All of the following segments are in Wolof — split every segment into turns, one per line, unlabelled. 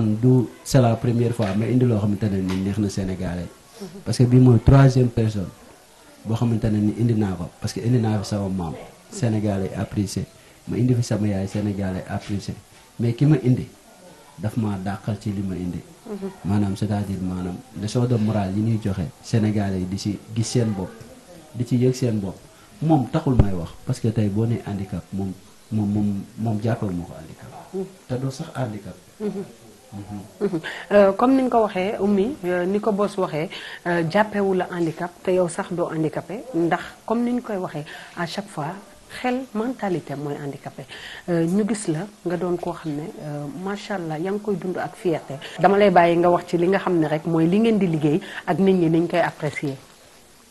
Mm, du la première fois mais indi loo xamante ne ni neex na Sénégalais parce que bii mooy troisième personne boo xamante ne ni indi naa ko parce que indi naa fi sama maam Sénégalais apprécié ma indi fi sama yaay Sénégalais apprécié mais ki ma indi daf ma dàqal ci li ma indi maanaam c'est-à-dire maanaam leçon de morale yi ñuy joxee Sénégalais yi di ci gis seen bopp di ci yëg seen bopp moom taxul may wax parce que tey boo nee handicap moom moom moom moom jàppal ma ko handicap mm-hmm. te sax handicap mm-hmm.
Euh, comme ni nga ko waxee ummi euh, ni ko boss waxee euh, jàppewu la handicap te yow sax doo handicapé ndax comme ni ñu koy waxee à chaque fois xel mentalité mooy handicapé ñu gis la nga doon koo xam ne macha allah yaa ngi koy dund ak fierté dama lay bàyyi nga wax ci li nga xam ne rek mooy li ngeen di liggéey ak nit ñi niñ koy apprécier.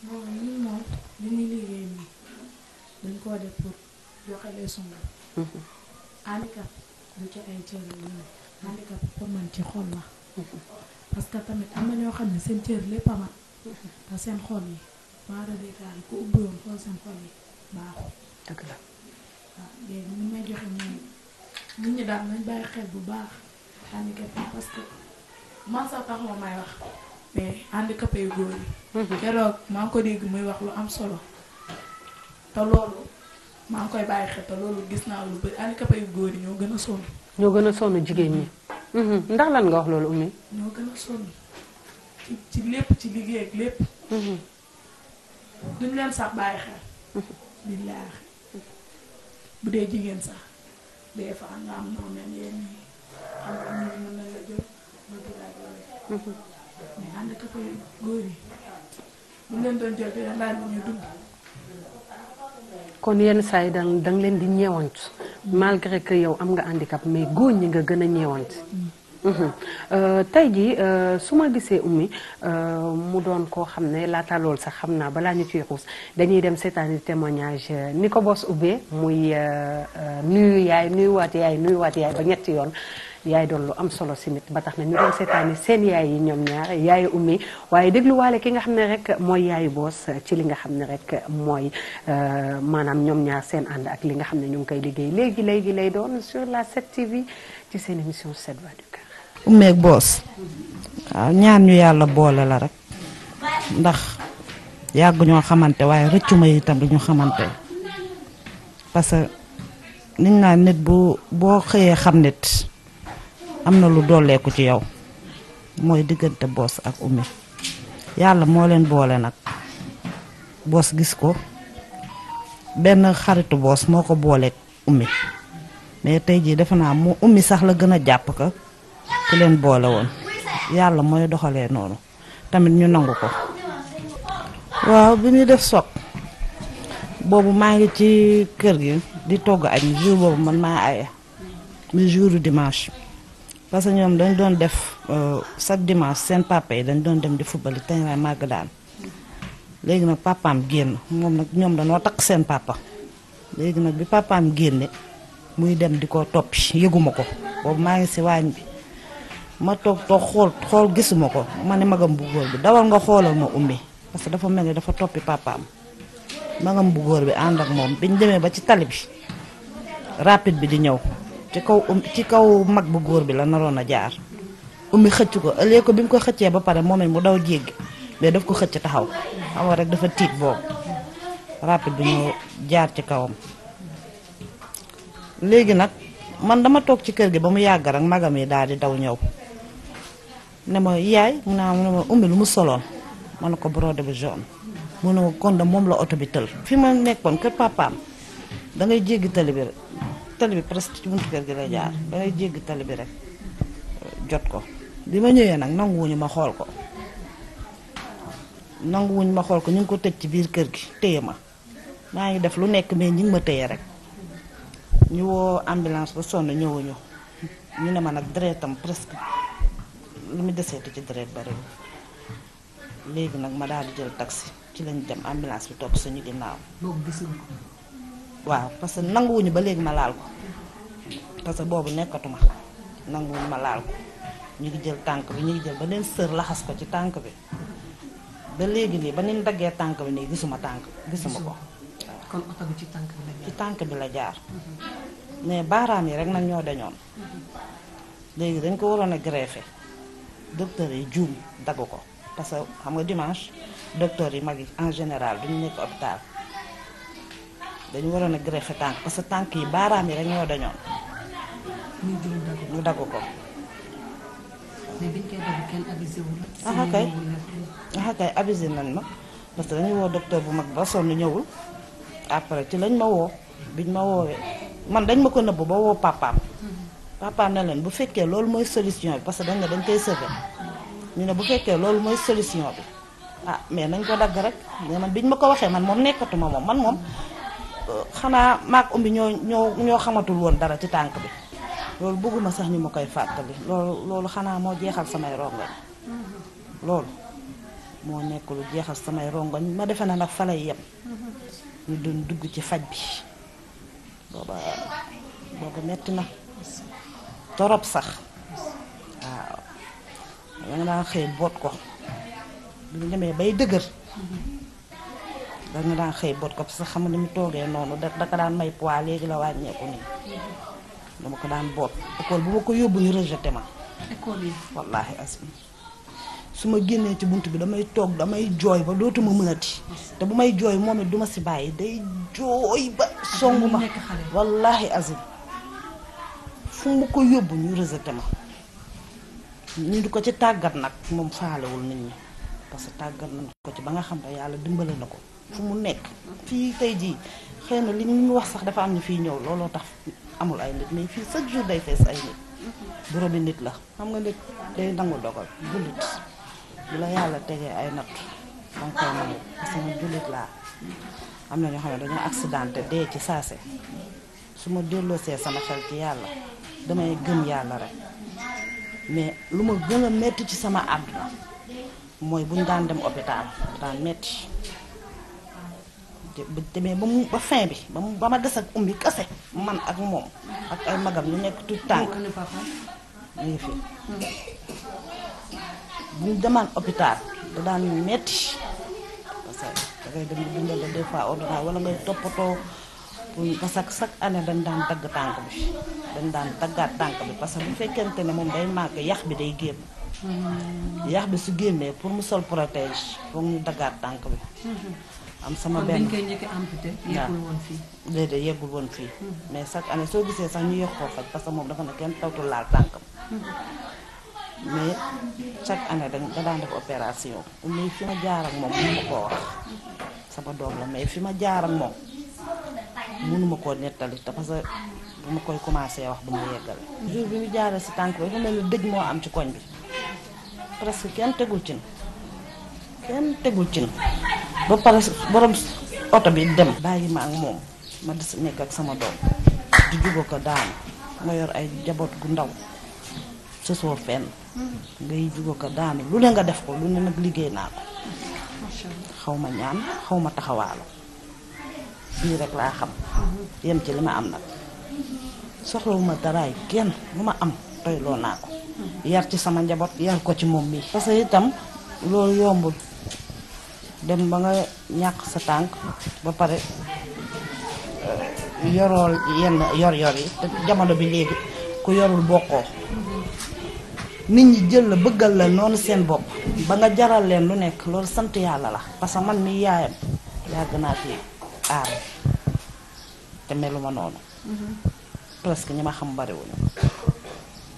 bon
handicap pour man ci xol la parce que tamit am na ñoo xam ne seen cër lépp a mat te seen xol yi maara détaal ku ubbiwoon xool seen xol yi baaxul dëgg la may joxe ñoom nit ñi daal nañ bàyyi bu baax handicap parce que man sax taxuma may wax mais handicapé yu mhm. maa ngi ko dégg muy wax lu am solo te loolu maa ngi koy bàyyi xel te loolu gis naa lu bëri handicapé yu góor ñoo gën a sonn
ñoo gën a sonn jigéen ñi. Mm-hmm. ndax lan nga wax loolu Oumy.
ñoo gën a sonn ci lépp ci liggéey ak lépp. Mm-hmm. duñ leen sax bàyyi xel. Mm-hmm. billaahi bu dee jigéen sax des fois am noo mel yéen ñi xam góor yi buñ leen doon jël te laaj ñu dund.
kon yenn saa yi da nga leen di ñeewant malgré que yow am nga handicap mais góor ñi nga gën a ñeewant mhm. euh, tey jii euh, su ma gisee ummi euh, mu doon koo xam ne laata lool sax xam naa balaa ñu ciy xuus dañuy dem seetaani témoignage ni ko bos ubbee muy nuyu yaay nuyu waat yaay nuyu waat yaay ba ñetti yoon yaay doon lu am solo si nit ba tax na ñu doon seetaani seen yaay yi ñoom ñaar yaayu ummi waaye dégluwaale ki nga xam ne rek mooy yaay boos ci li nga xam ne rek mooy euh, maanaam ñoom ñaar seen ànd ak li nga xam ne ñu ngi koy liggéey léegi léegi lay doon su la 7TV ci seen émission 7 voix du
cœur. boos waaw ñaan ñu yàlla boole la rek ndax yàgg ñoo xamante waaye rëccu ma itam du ñu xamante parce que niñ nit bu boo xëyee xam nit. am na lu dolleeku ci yow mooy diggante boos ak ummi yàlla moo leen boole nag boos gis ko benn xaritu boos moo ko booleeg ummi mais tey jii defe naa mu ummi sax la gën a jàpp ko ki leen boole woon yàlla mooy doxalee noonu tamit ñu nangu ko waaw bi ñuy def soog boobu maa ngi ci kër gi di togg añ jour boobu man maa aye muy jouru dimanche parce que ñoom dañ doon def euh, chaque dimanche seen papa yi dañ doon dem di football yi terrain màgg daan léegi nag papaam génn moom nag ñoom dañoo takk seen papa léegi nag bi papaam génne muy dem di ko toppi yëguma ko boobu maa ngi si waañ bi ma toog toog xool xool gisuma ko ma ne magam bu góor bi dawal nga xoolal ma ummi parce que dafa mel ni dafa toppi papaam magam bu góor bi ànd ak moom biñ demee ba ci tali bi rapide bi di ñëw ci kaw ci kaw mag bu góor bi la naroon a jaar ummi xëcc ko ëllee ko bi mu ko xëccee ba pare moom it mu daw jéggi mais daf ko xëcc taxaw xam nga rek dafa tiit boobu rapide bi ñu jaar ci kawam léegi nag man dama toog ci kër gi ba mu yàgg rek magam yi daal di daw ñëw ne ma yaay mu naa mu ne ma ummi lu mu soloon ma ne ko brodé bu jaune mu ne ko kon de moom la oto bi tël fi ma nekkoon kër papaam da jéggi tali bi tali bi presque ci buntu kër gi lay jaar dangay mm-hmm. jéggi tali bi rek euh, jot ko bi ma ñëwee nag nanguwuñu ma xool ko nanguwuñu ma xool ko ñu ngi ko tëj ci biir kër gi téye ma maa ngi def lu nekk mais ñu ngi ma téye rek ñu woo ambulance ba sonn ñëwuñu ñu ne ma nag deretam presque lu mu deseeti ci deret bariwul léegi nag ma daal di jël taxi ci lañ dem ambulance bi topp suñu ginnaaw. waaw parce que nanguwuñu ba léegi ma laal ko parce que boobu nekkatuma nanguwuñu ma laal ko ñu ngi jël tànk bi ñu ngi jël ba neen sër laxas ko ci tànk bi ba léegi nii ba neen daggee tànk bi nii gisuma tànk gisuma ko. kon bi ci tànk la jaar ci tànk bi la jaar. mais baaraam yi rek nag ñoo dañoon. léegi dañ ko waroon a greffé docteur yi juum daggu ko parce que xam nga dimanche docteur yi mag yi en général duñu nekk hôpital. dañu waroon a greffé tànk parce que tànk yi baaraam yi dañoo dañoon. ñu dagg ko
mais biñ koy dagg kenn abusé wu ah,
ah, ah, nañ ma parce que dañu woo docteur bu mag ba sonn ñëwul après ci lañ ma woo biñ ma woowee man dañ ma ko ba woo papaam. Mm-hmm. papaam ne leen bu fekkee loolu mooy solution bi parce que dañ ne dañ koy sauvé ñu ne bu fekkee loolu mooy solution bi ah mais nañ ko dagg rek mais man biñ ma ko waxee man moom nekkatuma moom man moom. xanaa maak umbi ñoo ñoo xamatul woon dara ci tànk bi loolu bëgguma sax ñu ma koy fàttali loolu loolu xanaa moo jeexal samay rongoñ loolu moo nekk lu jeexal samay rongoñ ma defe na nag fa lay yem ñu doon dugg ci faj bi booba booba metti na torop sax waaw da nga daan xëy boot ko bu ñu demee bay dëgër danga daan xëy boot ko parce que xam nga ni mu toogee noonu da da ko daan may poids léegi la wàññeeku nii dama ko daan boot école bu ma ko yóbbu ñu rejeté ma. école yi wallaahi ma génnee ci bunt bi damay toog damay jooy ba dootuma mënati. te bu may jooy moom it si bàyyi day jooy ba. songu ma wallaahi azim fu mu ko yóbbu ñu rejeté ma. ñu di ko ci tàggat nag moom faalewul nit ñi parce que tàggat nañ ko ci ba nga xam ne yàlla dimbale na ko. fu mu nekk fii tey jii xëy na li ñu wax sax dafa am ñu fiy ñëw looloo tax amul ay nit mais fii chaque jour day fees ay nit boromi nit la xam nga nit day nangu dogal jullit lu la yàlla tegee ay nat danga koy nangu parce que jullit laa am na ñoo xam ne dañoo accidenté dee ci saase su ma delloosee sama xel ci yàlla damay gëm yàlla rek mais lu ma gën a metti ci sama àdduna mooy buñ daan dem hôpital daan metti bu demee ba mu ba fin bi ba mu ba ma des ak umbi kase man ak moom ak ay magam ñu nekk tout tànk ñu ngi fi bu ñu demaan hôpital da daan metti parce que dangay dem di dundal des fois ordonnance wala ngay toppatoo pour parce que chaque année dañ daan dagg tànk bi dañ daan daggaat tànk bi parce que bu fekkente ne moom day manqué yax bi day génn
mm-hmm. yax bi
su génnee pour mu sol protège foog ñu daggaat tànk bi
mm-hmm.
am sama benn kon dañ
yeggul woon fii waaw
déedéet woon fii. Hmm. mais chaque année soo gisee sax ñu yegg koo faj parce que moom dafa ne kenn tawtul laal tànkam. Hmm. mais chaque année da daan def opération. mais fi ma jaar ak moom mënu koo wax sama doom la mais fi ma jaar ak moom mënu ma koo nettali te parce que bu ma koy commencé wax bu ma yeggale. Hmm. jour bi ñu jaaree si tànk bi dafa mel ni dëj moo am ci koñ bi presque kenn tegul cin kenn tegul ci na ba pare borom oto bi dem. bàyyi ma ak moom ma des nekk ak sama doom di jubóo ko daanu nga yor ay njaboot gu ndaw sësoo fenn ngay jubóo ko daanu lu ne nga def ko lu ne nag liggéey naa ko xaw ma ñaan xaw ma taxawaalu fii rek laa xam yem ci li ma am nag soxlawuma daraay kenn lu ma am toyloo naa ko yar ci sama njaboot yar ko ci moom mii parce itam loolu yombul dem ba nga ñàkk sa tànk ba pare
euh,
yorool yenn yor-yor yi te jamono bi léegi ku yorul bokkoo nit ñi jël la bëggal la noonu seen bopp ba nga jaral leen lu nekk loolu sant yàlla la parce que man mi yaayam yàgg naa fi aar te meluma noonu mm-hmm. presque ñi ma xam bariwuñu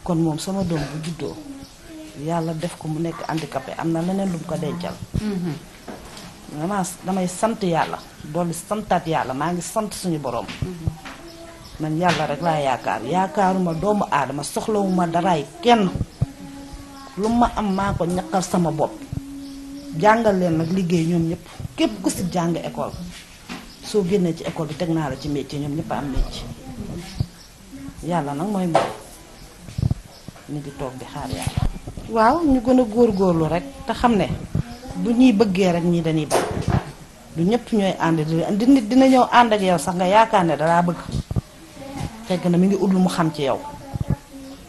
kon moom sama doom bu juddoo yàlla def ko mu nekk handicapé am na leneen lu ko dencal mm-hmm. vraiment damay sant yàlla dolli santaat yàlla maa ngi sant suñu boroom man yàlla rek laa yaakaar yaakaaruma doomu aadama soxlawuma daraay kenn lu ma am maa ko ñaqal sama bopp jàngal leen nag liggéey ñoom ñëpp képp ku si jàng école soo génnee ci école bi teg naa la ci métier ñoom ñëpp am métier yàlla nag mooy moom ñu ngi toog di xaar yàlla. waaw ñu gën a góorgóorlu rek te xam ne. bu ñuy bëggee rek ñii dañuy bañ du ñëpp ñooy ànd di dina ñëw ànd yow sax nga yaakaar ne dalaa bëgg fekk na mi ngi ut lu mu xam ci yow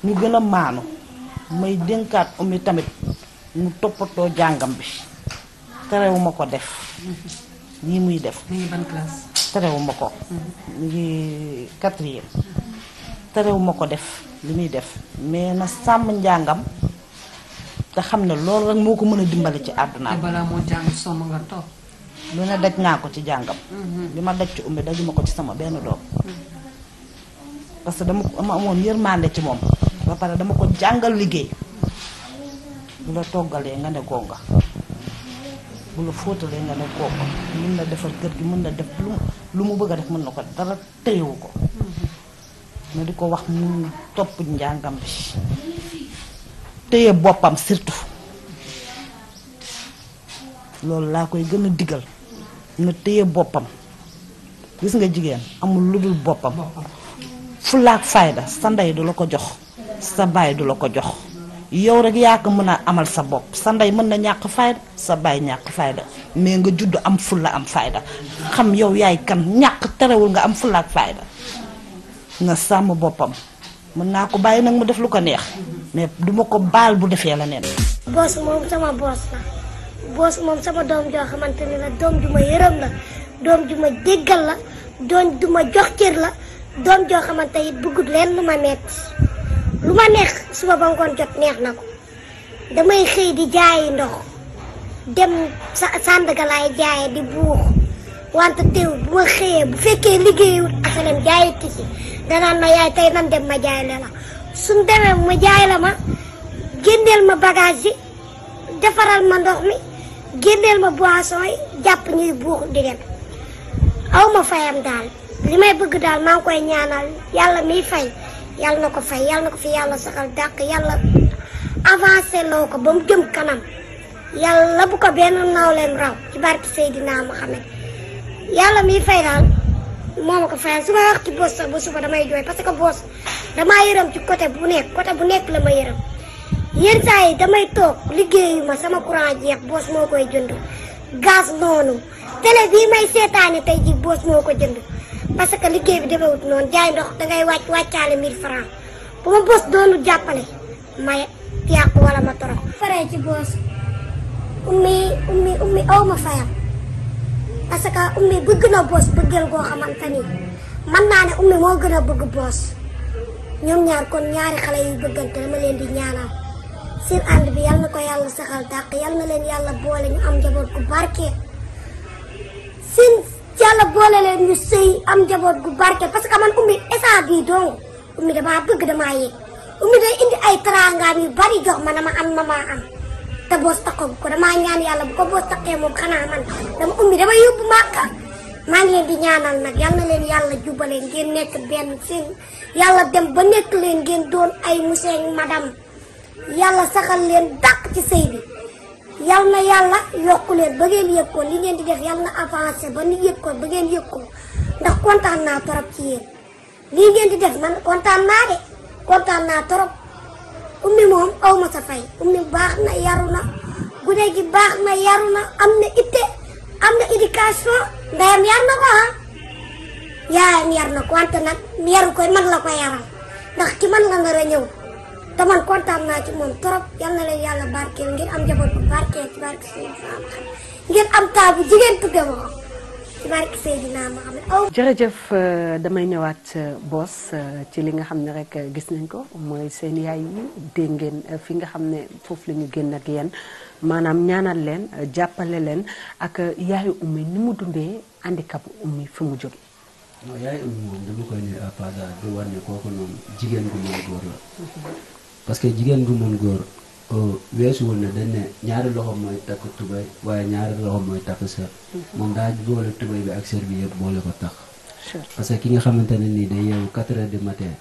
ñu gën a maanu may dénkaat Oumy tamit mu toppatoo jàngam bi terewuma ko def lii muy def ban classe terewuma ko mu mm-hmm. ngi quatrième terewuma ko def li muy def mais na sàmm njàngam te xam ne loolu rek moo ko mën a dimbali ci àdduna balaa moo jàng sonn nga toog lu ne daj naa ko ci jàngam mhm. bi ma daj ci ummi dajuma ko ci sama benn doom parce que dama dama amoon yërmande ci moom ba pare dama ko jàngal liggéey bu la toggalee nga ne gonga bu la fóotalee nga ne gonga mën na defar kër gi mën na def lu mu bëgg a def mën na ko dara téyewu ko mhm. ma di ko wax mu topp njàngam bi téye boppam surtout loolu laa koy gën a diggal na téye boppam gis nga jigéen amul lu dul boppam fulaak fayda sa ndey du la ko jox sa baay du la ko jox yow rek yaa ko mën a amal sa bopp sa ndey mën na ñàkk fayda sa baay ñàkk fayda mais nga judd am fulla am fayda xam yow yaay kan ñàkk terewul nga am fulaak fayda nga sàmm boppam mën naa ko bàyyi nag mu def lu ko neex mais du ma ko baal bu defee la neen
boos moom sama boos la boos moom sama doom joo xamante la doom ju ma yërëm la doom ju ma jéggal la doom ju ma jox cër la doom joo xamante it leen lu ma metti lu ma neex suba ba ngoon jot neex na ko damay xëy di jaayi ndox dem sa sàndaga laay jaaye di buux wante teew bu ma xëyee bu fekkee liggéeyul asalem jaayi tisi danaan ma yaay tey nan dem ma jaay le la suñ demee mu jaay la ma génneel ma bagage yi defaral ma ndox mi génneel ma boisson yi jàpp ñuy buux di dem aw ma daal li may bëgg daal maa koy ñaanal yàlla miy fay yàlla na ko fay yàlla ko fi yàlla saxal dàq yàlla avancé loo ko ba mu jëm kanam yàlla bu ko benn nawleem raw ci barke Seydina Muhammad yàlla miy fay daal moo ma ko fayal su ma wax ci boos sax damay jooy parce que boos damaa yërëm ci côté bu nekk côté bu nekk la ma yërëm yenn saa yi damay toog liggéeyu ma sama courant jeex boos moo koy jënd gaz noonu télé bii may seetaane tey ji moo ko jënd parce que liggéey bi demewut noonu jaay ndox dangay wàcc wàccaale 1000 francs bu doonu jàppale ma yàqu wala ma torox faree ci boos ummi ummi ummi aw ma parce que ummi bëgg na boos bëggeel goo xamante ni man naa ne ummi moo gën a boos ñoom ñaar kon ñaari xale yu bëggante dama leen di ñaanal seen ànd bi yal na ko yàlla saxal dàq yal na leen yàlla boole ñu am njaboot gu barke seen yàlla boole leen ñu sëy am njaboot gu barke parce que man ummi esa bii donc ummi damaa bëgg damaa yëg ummi day indi ay teraangaam bari jox ma na ma am ma am te boos taxawu ko damaa ñaan yàlla bu ko boos taxee moom xanaa man dama ummi dama yóbbu màkka maa ngi di ñaanal nag yal na leen yàlla jubale ngeen nekk benn seen yàlla dem ba nekk leen ngeen doon ay monsieur ak madame yàlla saxal leen dàq ci sëy bi yal na yàlla yokku leen ba ngeen yëg ko li ngeen di def yal na avancé ba ni yëg ko ba ngeen yëg ndax kontaan naa torop ci yéen lii ngeen di def man kontaan naa de kontaan naa torop ummi moom aw ma sa fay ummi baax na yaru na gune baax na yaru am na itte am na éducation ndeyam yar na ko ah yaayam yar na ko wante nag yaru koy man la ko yaral ndax ci man la nar a ñëw te man kontaan naa ci moom trop yal na leen yàlla barkeel ngeen am njaboot bu barkeel ci barke seen ngeen am taabu jigéen tudde ma ci barke oh.
euh, damay ñëwaat euh, bos euh, ci li nga xam ne rek gis nañ ko mooy seen yaay yi dégg fi nga xam ne foofu la ñu génn ak yéen maanaam ñaanal leen jàppale leen ak yaayu ummi ni mu dundee handicap ummi fi mu jóge
non yaayu moom dama koy ne à part war ne kooku noonu jigéen gu mën góor la mm-hmm. parce que jigéen gu mën góor weesuwul ne dañ ne ñaari loxo mooy takk tubay waaye ñaari loxo mooy takk sër mhm. moom daa boole tubay bi ak sër bi yëpp boole ko tax parce que ki nga xamante ne nii day yeewu quatre heures du matin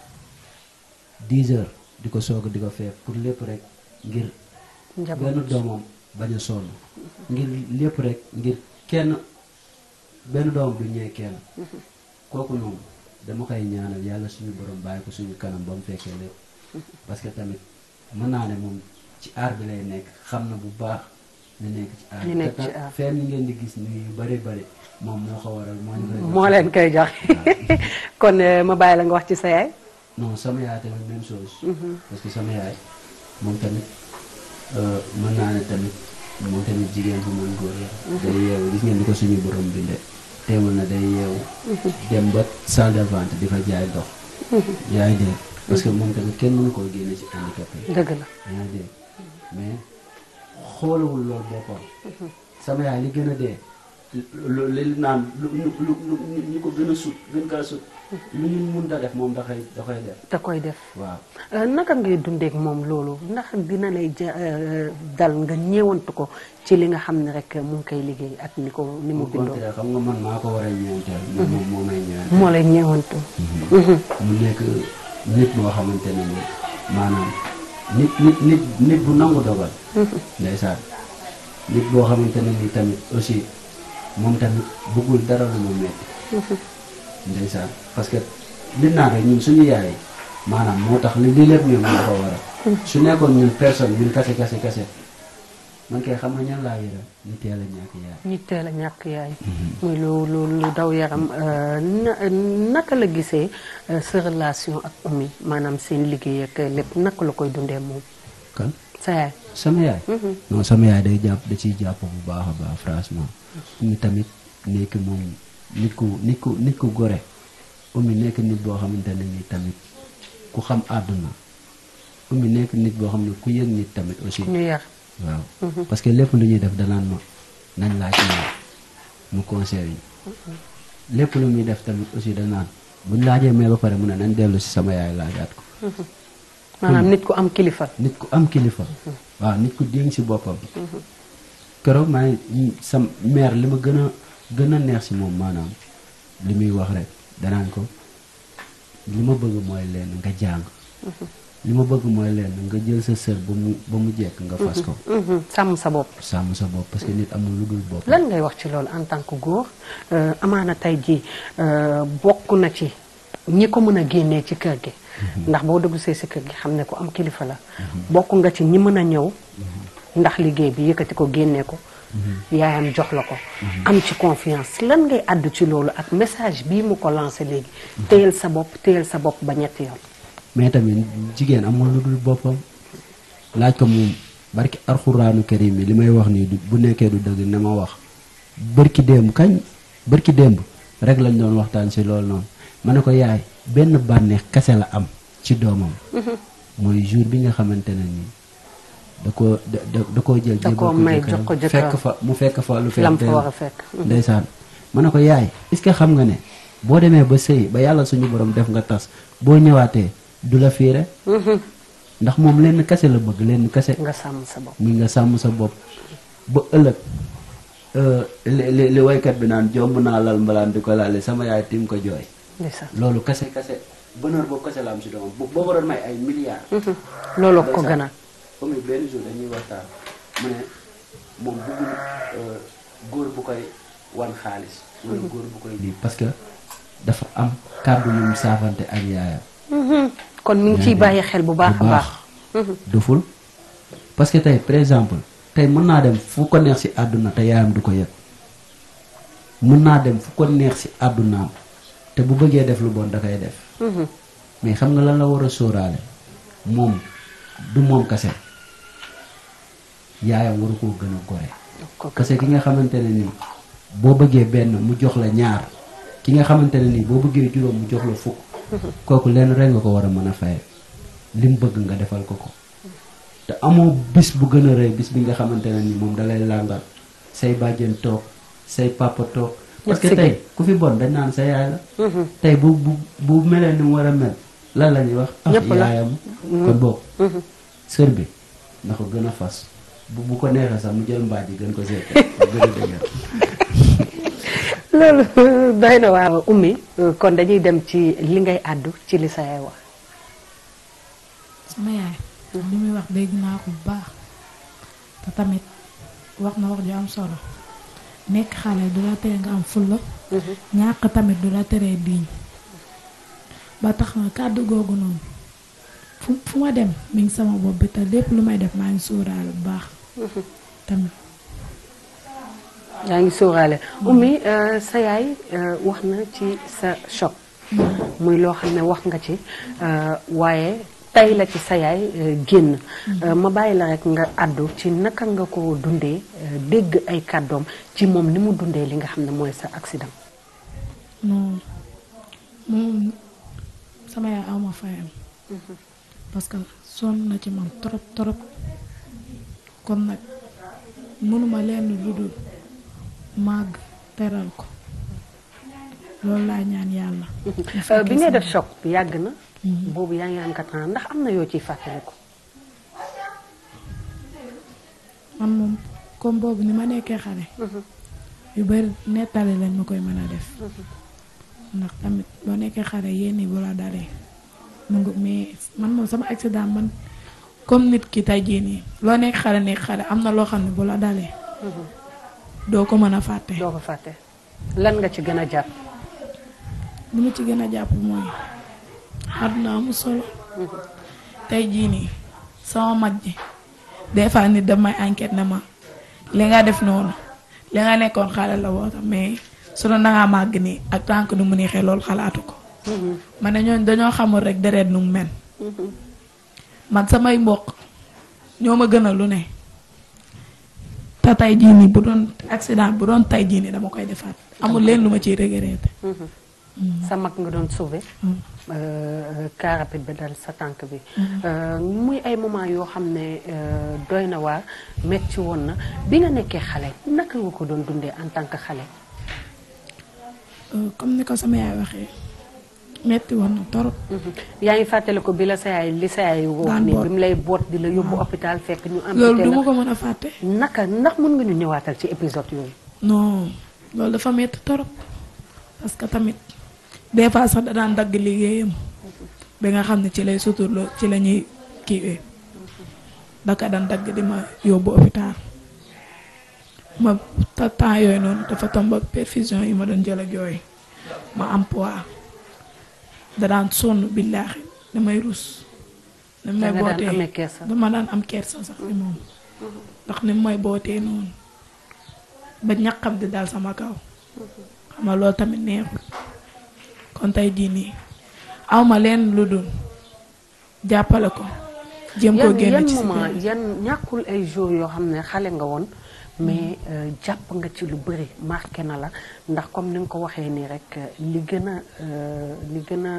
dix heures di ko soog di ko feeb pour lépp rek ngir
benn doomam
bañ a sonn mhm. ngir lépp rek ngir kenn benn doomam du ñëwee kenn mhm. kooku noonu dama koy ñaanal yàlla suñu borom bàyyi ko suñu kanam ba mu fekkee lépp parce tamit mën naa ne moom ci aar bi lay nekk xam na bu baax li nekk ci aar li nekk ci aar fenn ngeen di gis nuyu yu bëri bëri moom moo ko waral moo
leen koy jox kon eh, ma bàyyi la nga wax ci sa yaay
non sama yaay tamit même chose mm-hmm. parce que sama yaay moom tamit euh, mën naa ne tamit moom tamit jigéen bu mën góor la mm-hmm. day yeewu gis ngeen di ko suñu borom binde teewul na day yeewu mm-hmm. dem ba salle de vente di fa jaay dox yaay dee parce que moom tamit kenn mënu koo génne ci handicap yi dëgg la yaay dee mais xoolawul loolu boppam. sama yaay li gën a dee. li naan ñu ko gën a sut gën kaa sut. lu ñu mun da def moom da koy koy def. da koy def waaw.
Euh, naka ngay dundeek moom loolu ndax dina lay ja euh, dal nga ñeewantu ko ci li nga xam ne rek mu ngi koy liggéey ak ni ko ni mu bindoo.
xam nga man maa ko war a ñeewanteel. Mhm. moom moo lay ñeewantu. Mhm. Mhm. mu nekk nit boo xamante ne maanaam. nit nit nit nit bu nangu dogal. ndeysaan nit boo xamante ne ni tamit aussi mom tamit bëggul dara lu mu
metti.
ndeysaan parce que li naa rek ñun suñu yaay maanaam moo tax li li lépp ñoom moo ko waral. su nekkoon ñun personne ñun kase kase kase. man kay xam nga ñan laa yërëm ñu teel a ñàkk yaay.
ñu ñàkk yaay. Mhm. muy lu lu lu daw yaram euh, naka la gisee euh, sa relation ak Oumy maanaam seen liggéey ak lépp naka la koy dundee moom. kan sa
yaay. Mhm. sama yaay. day jàpp da ciy jàpp bu baax a baax franchement. Oumy tamit nekk moom nit ku nit ku nit ku gore. Oumy nekk nit boo xamante ne ni ku xam àdduna. Oumy nekk nit boo xam ne ku yëg nit tamit aussi. ñu yar waaw mm-hmm. parce que lépp lu ñuy def danaan ma nañ laa ci mu conseil yi
mm-hmm.
lépp lu muy def tamit aussi danaan buñ laajee mais ba pare mun ne nañ dellu si sama yaay laajaat ko
mm-hmm. maanaam hmm. nit
ku am kilifa nit ku am kilifa waaw nit ku déng si boppam keroog maa ngi sa li ma gën a gën a neex si moom maanaam li muy wax rek danaan ko li ma bëgg mooy leen nga jàng li ma bëgg mooy lenn nga jël sa sër ba mu ba mu jekk nga fas ko. Mm-hmm. Mm-hmm. sàmm sa bopp. sàmm sa bopp parce que nit amul lu dul bopp.
lan ngay wax ci loolu en tant que góor euh, amaana tey jii euh, bokk na ci ñi ko mën a génnee ci kër gi. Mm-hmm. ndax boo dugg see si kër gi xam ne ko am kilifa la. bokk nga ci ñi mën a ñëw. ndax liggéey bi yëkkati ko génnee ko. yaayam jox la ko. am ci confiance lan ngay àddu ci loolu ak message bii mu ko lancé léegi. téyel sa bopp téyel sa bopp ba ñetti yoon.
mais tamit jigéen amoon lu dul boppam laaj ko moom barki arxuraanu karim yi li may wax nii bu nekkee du dëgg na ma wax bërki démb kañ bërki démb rek lañ doon waxtaan si loolu noonu ma ne ko yaay benn bànneex kese la am ci doomam mooy mhm. jour bi nga xamante ne nii da koo da ko jël fekk fa mu fekk fa lu fekk mhm. ndeysaan ma ne ko yaay est xam nga ne boo demee ba sëy ba yàlla suñu borom def nga tas boo ñëwaatee du la fiire mm-hmm. ndax moom lenn kase la bëgg lenn kese. nga sàmm sa bopp muy nga sàmm sa bopp. ba ëllëg euh, li li waykat bi naan jomb naa lal mbalaan di ko laale sama yaay tim ko jooy. loolu kese kase bonheur boobu kese la am si doomam bu ay milliards. Mm-hmm. looloo ko a. comme benn euh, góor bu koy wan xaalis. wala mm-hmm. góor bu koy lii parce que dafa am kàddu yu mu saafante ak yaayam.
kon mu ngi ciy bàyyi xel bu baax a baax.
doful parce que tey par exemple tey mën naa dem fu ko neex si àdduna te yaayam du ko yëg mën naa dem fu ko neex si àddunaam te bu bëggee def lu bon da def. Mhm. mais xam nga la la war a sóoraale moom du moom kase yaayam waru ko gën a gore. kase ki nga xamante ne ni boo bëggee benn mu jox la ñaar ki nga xamante ne ni boo bëggee juróom mu jox la fukk. kooku leen rek nga ko war a mën a fay li mu bëgg nga defal ko ko te amoo bis bu gën a rëy bis bi nga xamante ne ni moom dalay làngal say bàjjen toog say papa toog parce que tey ku fi bon dañ naan sa yaay la mm-hmm. tey bu bu bu melee ni mu war a mel lan la ñuy wax ah yaayam mm-hmm. kon boog mm-hmm. sër bi na ko gën a fas bu bu ko neexee sax mu jël mbaaj yi gën ko seet gën a dëgër
loolu doy na waaw ummi kon dañuy dem ci li ngay àddu ci li sa yaay wax
sama yaay li muy wax dégg naa ko bu baax te tamit wax na wax ju am solo nekk xale du la tere nga am fulla mhm. ñàkk tamit du la tere diiñ ba tax na kàdd googu noonu fu fu ma dem mi sama bopp bi te lépp lu may def maa ngi
sóoraale bu baax mhm. tamit yaa ngi sóoraale ummi euh, sa yaay euh, wax na ci sa choc muy loo xam ne wax nga ci euh, waaye tey la ci sa yaay génn ma bàyyi la rek nga àddu ci naka nga ko dundee dégg ay kàddoom ci moom li mu dundee li nga xam ne mooy sa accident
non moom
sama yaay aw ma fayam parce que sonn na ci man trop trop kon nag mënuma leen lu dul màgg
teral ko loolu laa ñaan yàlla. bi ngay def choc yàgg na. boobu yaa ngi am quatre ndax am na yoo ciy fàttaliku. man moom comme boobu ni ma nekkee xale. Mhm. yu bari
nettali lañ ma koy mën a def.
Mhm.
ndax tamit boo nekkee xale yéen ñi bu la dalee mu ngi mais man moom sama accident man comme nit ki tey jii loo nekk xale nekk xale am na loo xam ne bu la dalee. Mhm. doo ko mën a fàtte. doo ko fàtte lan nga ci gën a jàpp. li ma ci gën a jàpp mooy àdduna mu solo. tey jii nii sama mag ji des fois nit damay enquête ne ma li nga def noonu li nga nekkoon xale la woon mais su doon dangaa màgg nii ak tànk nu mu neexee loolu xalaatu ko. ma ne ñooñu dañoo xamul rek deret nu mu mel. Mhm. man samay mboq ñoo ma gën a lu ne. te tey jii nii bu doon accident bu doon tey jii nii dama koy defaat amul leen lu ma ciy regretté.
Mm-hmm. sa mag nga doon sauver. Mm-hmm. Euh, car bi dal sa tànk bi. Mm-hmm. Euh, muy ay moment yoo xam ne euh, doy na waa metti woon na bi nga nekkee xale naka nga ko doon dundee en tant que xale.
comme ni ko sama yaay waxee.
metti woon na torop. Mhm. yaa ngi fàttali ko bi la sa yaay li sa yaay wax ne bi mu lay boot di la yóbbu ah. hôpital fekk ñu. am loolu du ma ko mën a fàtte. naka ndax mën nga ñu ñëwaatal ci épisode yooyu. non loolu
dafa metti torop parce que tamit des fois sax da daan dagg liggéeyam bi nga xam ne ci lay suturloo ci la ñuy kiiwee daka daan dagg di ma yóbbu hôpital ma temps yooyu noonu dafa tomb ak perfusion yi ma doon jël ak yooyu ma am poids. da sonn billaahi damay ruus. ni may bootee dama daan am kersa sax moom.
Mm-hmm.
ndax ni may bootee noonu ba ñaqam di daal sama kaw. xam nga loolu tamit neexul kon tey jii nii aw leen lu dul jàppale ko. jéem koo génn ci si
yan ñàkkul ay jours yoo xam ne xale nga woon. mais euh, jàpp nga ci lu bëri marqué na la ndax comme ni nga ko waxee nii rek li gën a euh, li gën a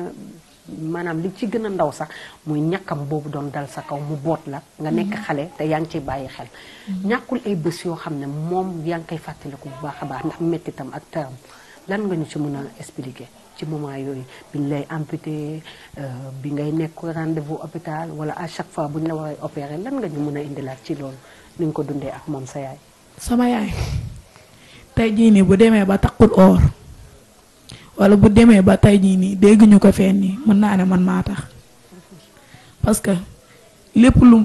maanaam li ci gën a ndaw sax muy ñàkkam boobu doon dal sa kaw mu boot la nga nekk mm-hmm. xale te yaa ngi ciy bàyyi xel mm-hmm. ñàkkul ay bés yoo xam ne moom yaa ngi koy fàttaliku bu baax a baax ndax mettitam ak taram lan nga ñu ci mën a expliquer ci moment yooyu biñ lay amputé euh, bi ngay nekk rendez-vous hôpital wala à chaque fois bu ñu la war a opérer lan nga ñu mun a indilaat ci loolu ni nga ko dundee ak moom sa yaay sama yaay tey jii nii bu demee ba
takkul or walla bu demee ba tey jii nii dégg ñu ko fenn nii mën naa ne man maa tax parce que lépp lu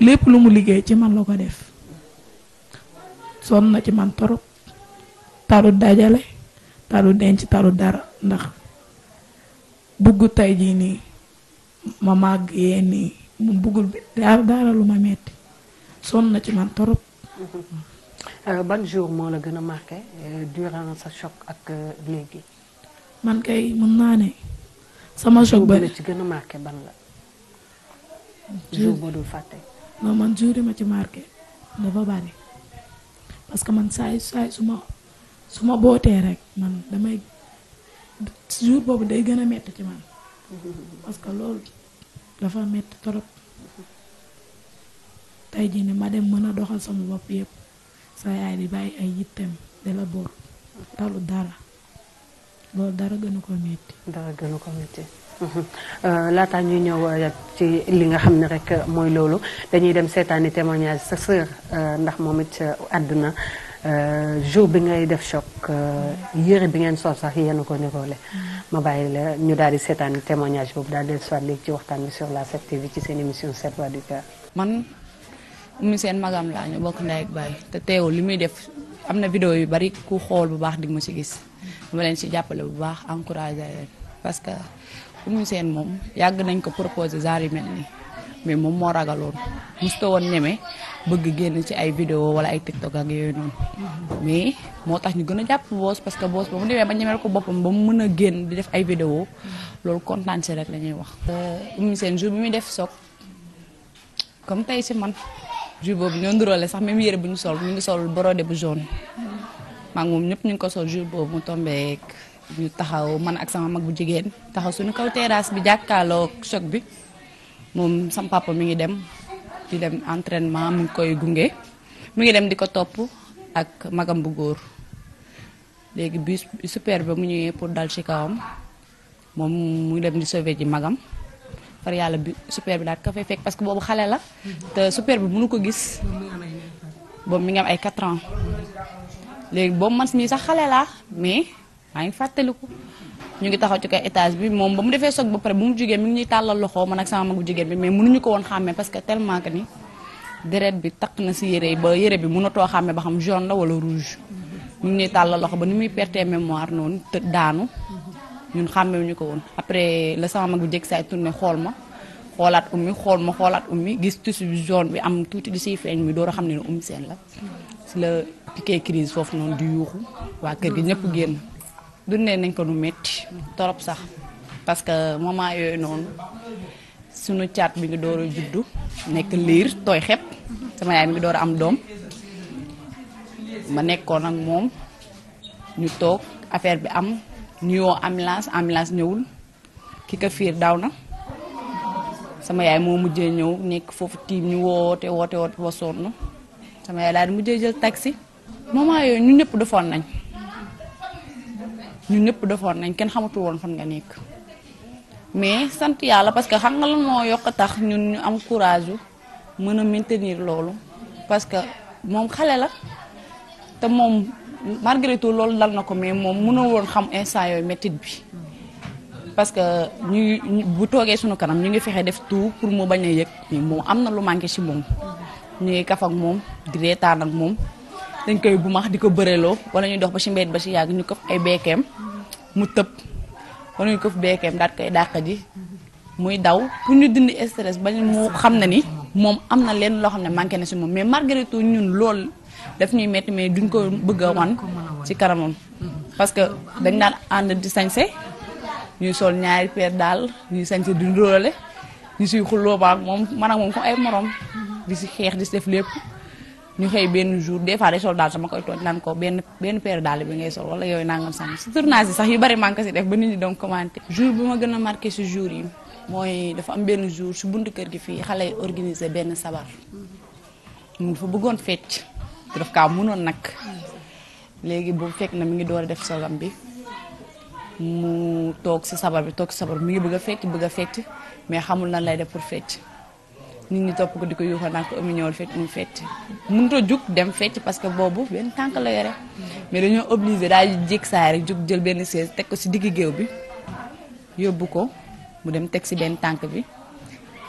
lépp lu mu liggéey ci man la ko def sonn na ci man torop taru dajale taru denc taru dara ndax bugg tey jii nii ma màgg yee nii mu buggul dara lu ma metti sonn na ci man torop
Euh, ban jour moo la gën a marqué euh, durant sa choc ak euh, léegi.
man kay mën naa ne. sama choc ba ci gën a marqué ban la. jour boo dul man jour ma ci marqué dafa bari parce que man saay saay su su ma bootee rek man damay jour boobu day gën a métti ci man. parce que loolu dafa métti trop. tey jii ni ma dem mën a doxal sama bopp yëpp. sa yaay di bàyyi ay yittem de la boot talu dara loolu dara gënu ko metti dara
euh, laata ñuy ñëw euh, ci li nga xam ne rek euh, mooy loolu dañuy dem seetaani témoignage sa sœur ndax moom it àdduna jour bi ngay def choc yére bi ngeen sol sax yéen ko niroole mm. ma bàyyi la ñu daal di seetaani témoignage boobu daal di leen soit léegi ci waxtaan bi sur la 7TV ci seen émission 7 voix
Oumy Sène magam laa ñu bokk ndey ak baay te teewul li muy def am na vidéo yu bari ku xool bu baax dig ma ci gis dama leen ci jàppale bu baax encouragé leen parce que Oumy Sène moom yàgg nañ ko proposé genre yu mel nii mais moom moo ragaloon musta woon ñeme bëgg génn ci ay vidéo wala ay tiktok yooyu noonu mais moo tax ñu gën a jàpp boos parce que boos ba mu demee ba ñemeel ko boppam ba mu mën a génn di def ay vidéo loolu kontaan rek la ñuy wax Oumy euh, Sène jour bi muy def soog comme tey si man jour boobu ñoo nduroole sax même yére bu ñu sol mu ngi sol borodé bu jaune maa moom ñëpp ñu ngi ko sol jour boobu mu tombeek ñu taxaw man ak sama mag bu jigéen taxaw suñu kaw terrasse bi jàkkaarloo choc bi moom sama papa mi ngi dem di dem entrainement mu ngi koy gunge mi ngi dem di ko topp ak magam bu góor léegi bi super ba mu ñëwee pour dal ci kawam moom mu ngi dem di sauver ji magam far yàlla bi super bi daal ka fay fekk parce que boobu xale la te super bi mënu ko gis boobu mi ngi am ay 4 ans léegi boobu man mii sax xale laa mais maa ngi fàttaliku ñu ngi taxaw ci kaw étage bi moom ba mu defee soog ba pare bu mu jugee mi ngi ñuy tàllal loxo man ak sama magu jigéen bi mais mënuñu ko woon xàmmee parce que tellement que ni deret bi taq na si yére yi ba yére bi too xàmmee ba xam jaune la wala rouge. mu ngi ñuy tàllal loxo ba ni muy perte mémoire noonu te ñun ñu ko woon après la sama mag bu jëkk saay tourné xool ma xoolaat ummi xool ma xoolaat ummi gis tissu bi jaune bi am tuuti di siy feeñ mi door a xam ne ne ummi seen la si la piqué crise foofu noonu di yuuxu waa kër gi ñëpp génn dundee nañ ko nu métti torop sax parce que moment yooyu noonu sunu caat bi ngi door a juddu nekk liir tooy xepp sama yaay mi ngi door a am doom ma nekkoon ak moom ñu toog affaire bi am ñu woo ambulance ambulance ñëwul ki ko fiir daaw na sama yaay moo mujjee ñëw nekk foofu tiim ñu woote woote woote ba sonn sama yaay daal mujjee jël taxi moment yooyu ñu ñëpp defoon nañ ñu ñëpp defoon nañ kenn xamatul woon fan nga nekk mais sant yàlla parce que xam nga lan moo yokk tax ñun ñu am courage mën a maintenir loolu parce que moom xale la te moom malgré tout loolu dal na ko mais moom mënul woon xam instant yooyu métit bi parce que ñu bu toogee suñu kanam ñu ngi fexe def tout pour mu bañ a yëg mais moom am na lu manqué ci moom ñu ngi moom di reetaan ak moom dañ koy bu max di ko bëreloo wala ñuy dox ba ci mbedd ba ci yàgg ñu këf ay beekeem mu tëb wala ñu këf beekeem koy dàq ji muy daw pour ñu dindi stress bañ xam na ni moom am na leen loo xam ne manqué na si moom mais malgré tout ñun lool daf ñuy metti mais duñ ko bëgg a wan ci kanamam parce que dañ daan ànd di sañse ñuy sol ñaari peer daal ñuy sañse di ndoole ñu siy xulloo baak moom man moom ko ay morom di si xeex di si def lépp ñu xëy benn jour des fois day sol daal sama koy tooñ naan ko benn benn peer daal bi ngay sol wala yooyu nangam sànni si tournage yi sax yu bari maa si def ba nit ñi doon commenté jour bi ma gën a marqué si jour yi mooy dafa am benn jour si bunt kër gi fii xale yi organisé benn sabar ñun fa te daf kaa mënoon nag léegi bu fekk na mu ngi door a def solam bi mu toog si sabar bi toog si sabar mi ngi bëgg a fecc bëgg a fecc mais xamul nan lay def pour fecc nit ñi topp ko di ko yuuxal naan ko ëmmi ñëwal fecc mu fecc mënut a fecc parce que boobu benn tànk la yore mais dañoo obligé daal di jékki saa jël benn chaise teg ko si digg géew bi yóbbu ko mu dem teg si benn tànk bi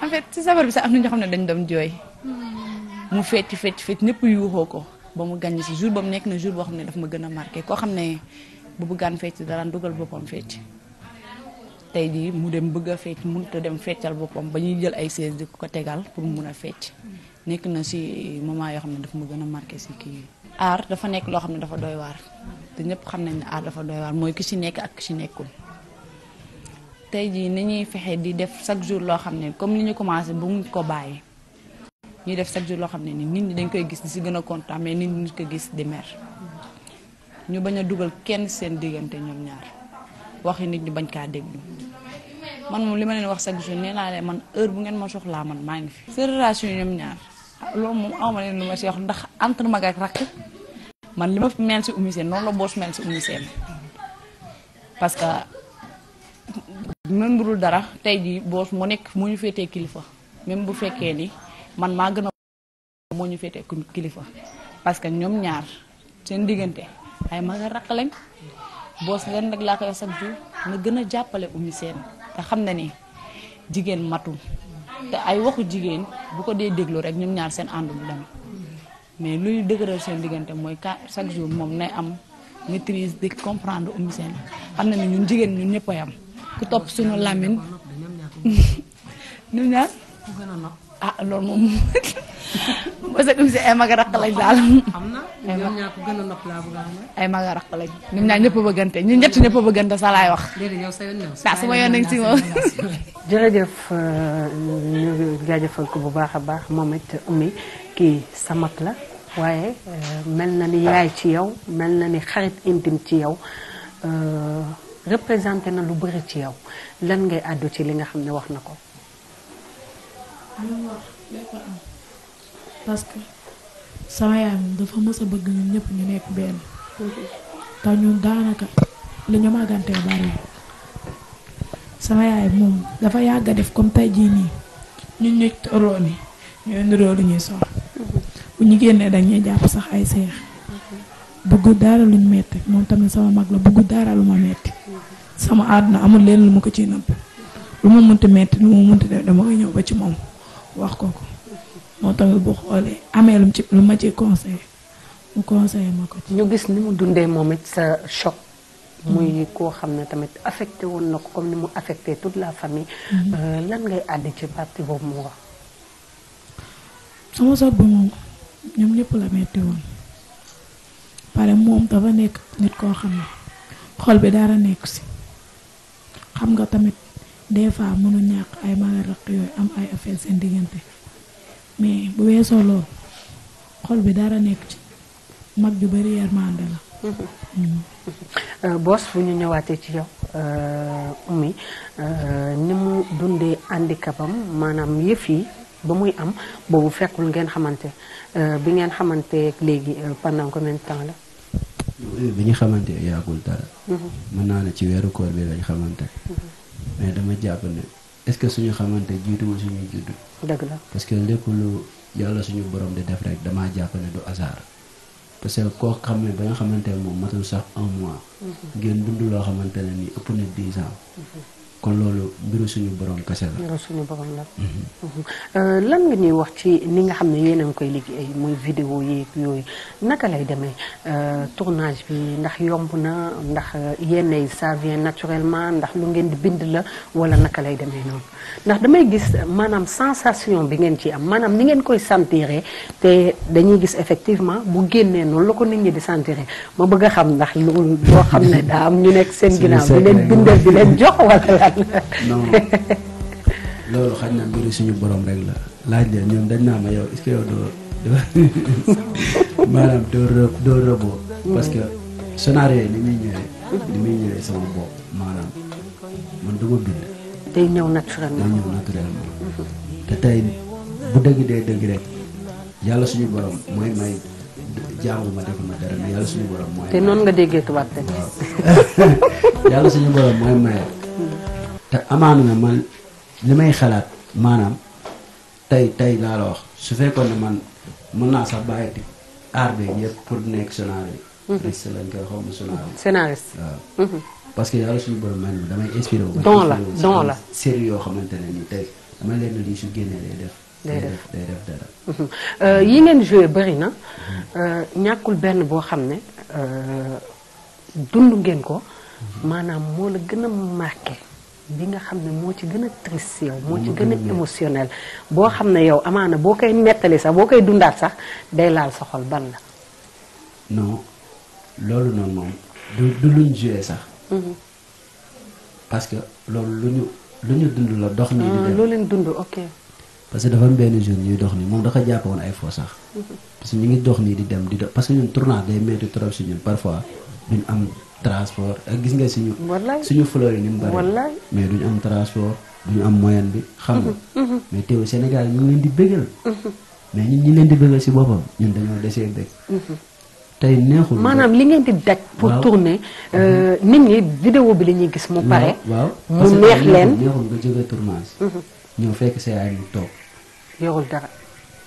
en fait si sabar bi sax am na ñoo xam ne dañ doon jooy hmm. mu fecc fecc fecc ñëpp yuuxoo ko ba mu gagné si jour ba mu nekk na jour boo xam ne daf ma gën a marqué koo xam ne bu bëggaan fecc daraan dugal boppam fecc tey ji mu dem bëgg a fecc mënut a dem feccal boppam ba ñuy jël ay chaise di ko tegal pour mu mun a fecc nekk na si moment yoo xam ne dafa ma gën a marqué si kii aar dafa nekk loo xam ne dafa doy waar te ñëpp xam nañ ne aar dafa doy waar mooy ki si nekk ak ki si nekkul tey jii ni ñuy fexe di def chaque jour loo xam ne comme ni ñu commencé bu ko bàyyi ñuy def chaque loo xam ne ni nit ñi dañ koy gis di si gën a kontaan mais nit ñi ko gis di mer ñu bañ a dugal kenn seen diggante ñoom ñaar waxi nit ñi bañ kaa dégg man moom li ma leen wax chaque jour nee man heure bu ngeen ma soxlaa man maa ngi fi. seen relation ñoom ñaar ah, loolu moom awma leen lu ma si wax ndax entre mag ak rakk man li ma fi mel si Oumy Sène noonu la boos mel si Oumy Sène parce que même bu dara tey ji boos mu nekk mu ñu féetee kilifa man maa gën a moo ñu féetee kilifa parce que ñoom ñaar seen diggante ay mag a raq lañ boos leen rek laa koy chaque jour na gën a jàppale Oumy Sène te xam na ni jigéen matu te ay waxu jigéen bu ko dee déglu rek ñoom ñaar seen ànd dem mais luy dëgëral seen diggante mooy chaque jour moom nay am maîtrise di comprendre Oumy Sène xam na ni ñun jigéen ñu ñëpp a yam ku topp suñu làmmiñ
ñoom ñaar ah loolu moom mos a dugg si ay mag a raq lañ daal. na ñoom
ñaa ko ay mag a raq lañ ñoom ñaa ñëpp bëggante ñun ñett ñëpp a bëggante sa laay wax. déedéet yow sa sa su ma yoon nañ si moom. jërëjëf euh, ñu jaajëfal ko bu baax a baax moom it ummi kii sa mag la waaye euh, mel na ni yaay ci yow mel na ni xarit intime ci yow. Euh, représenté na lu bëri ci yow lan ngay àddu ci li nga xam ne wax na ko. loolu parce que
sama yaay moom dafa mës bëgg ñun ñëpp ñu nekk benn te ñun daanaka li ñu màggantee bari sama yaay moom dafa yàgg def comme tey jii nii ñu tolloo ni ñooy niroo lu ñuy sol bu ñu génnee dañuy jàpp sax ay seex bëgg dara luñ metti moom tamit sama mag la bëgg dara lu ma metti sama àdduna amul leen lu ma ko ciy nëbb lu ma mënti metti lu ma mënti def dama koy ñëw ba ci moom wax ko ko moo tamit bu xoolee amee lu ci lu ma ci conseillé mu conseillé ma ko
ci. ñu gis ni mu dundee moom it sa choc. muy koo xam ne tamit affecté woon na ko comme ni mu affecté tout la famille. Mm-hmm. Euh, lan ngay àddi ci parti boobu mu wax.
sama soog bi moom ñoom ñëpp la metti woon pare moom dafa nekk nit koo xam ne xol bi dara nekk si xam nga tamit. des fois mënu ñàkk ay maga yooyu am ay affaire seen diggante mais bu weesoo loolu xol bi dara nekk ci mag ju bari yërmande la
mm-hmm.
euh, boos bu ñu ñëwaatee ci yow euh, Oumy euh, ni mu dundee handicapam maanaam yëf yi ba muy am boobu fekkul ngeen xamante bi ngeen xamante léegi pendant combien de temps la
bi ñu xamante yàggul mm-hmm. mën naa ne ci weeru koor bi lañ xamante mm-hmm. mais dama jàpp ne est-ce que suñu xamante jiituwul suñuy judd. dëgg la parce que lépp lu yàlla suñu borom di def rek damaa jàpp ne du hasard. parce que koo xam ne ba nga xamante ne moom matul sax un mois. Mm-hmm. ngeen dund loo xamante ne nii ëpp na dix ans.
Mm-hmm.
kon loolu mbiru suñu borom kese la. suñu borom la. Mhm.
Euh, lan nga ñuy wax ci ni nga xam ne yéen a koy liggéey muy vidéo yeeg yooyu naka lay demee euh, tournage bi ndax yomb na ndax euh, yenn yi ça naturellement ndax lu ngeen di bind la wala naka lay demee noonu ndax damay gis maanaam sensation bi ngeen ci am maanaam ni ngeen koy sentiree te dañuy gis effectivement bu génnee noonu la ko nit ñi di sentiree ma bëgg xam ndax loolu boo xam ne daa am ñu nekk seen ginnaaw di leen
ndeysaan non loolu xaj na mbiru suñu borom rek la laaj leen ñoom dañ naa ma yow est-ce que yow doo maanaam doo rë doo rëboo parce que scénario yi ni muy ñëwee ni muy ñëwee sama bopp maanaam man du ma bind
day ñëw naturellement day ñëw
naturellement te tey bu dëgg dee suñu borom mooy ma def ma dara mais yàlla suñu borom mooy te
noonu nga déggee
te amaana na man li may xalaat maanaam tey tey laa la wax su fekkoon ne man mën naa sax bàyyi di aar bi yëpp pour nekk scénariste. Mhm. risque lañ mhm. parce que yàlla suñu borom man wu. don la don la série yoo xamante ne nii tey damay leen di su génnee day def. day def day def
mhm. euh, yi ngeen joué bari na euh, ñàkkul benn boo xam ne euh, dund ngeen ko maanaam moo la gën a marqué. bi nga xam ne moo ci gën a triste yow moo ci gën a émotionnel boo xam ne yow amaana boo koy nettali sax boo koy dundaat sax day laal sa xol ban la
non loolu noonu moom du du luñ joué sax mm-hmm. parce que loolu lu ñu lu ñu dund la dox nii di ah, dem lu
leen dund ok
parce que dafa am benn jour ñuy dox nii moom dafa jàppoon ay fo sax mm-hmm. parce que ñu ngi dox nii di dem di dox parce que ñun tournage day metti trop si ñun parfois duñ am transport ak eh, gis nga suñu. suñu fleur yi ni mu bari. mais duñu am transport duñu am moyen bi. xam nga mm-hmm. Mm-hmm. mais teew Sénégal ñu leen di bëggal.
Mm-hmm.
mais ñi leen di bëggal si boppam ñun dañoo desee bëgg. tey neexul maanaam
li ngeen di daj. pour tourner euh, nit ñi vidéo bi la ñuy gis. mu pare mu neex leen
neexul nga jóge tournage. ñoo fekk sa yaay mu toog. yorul dara.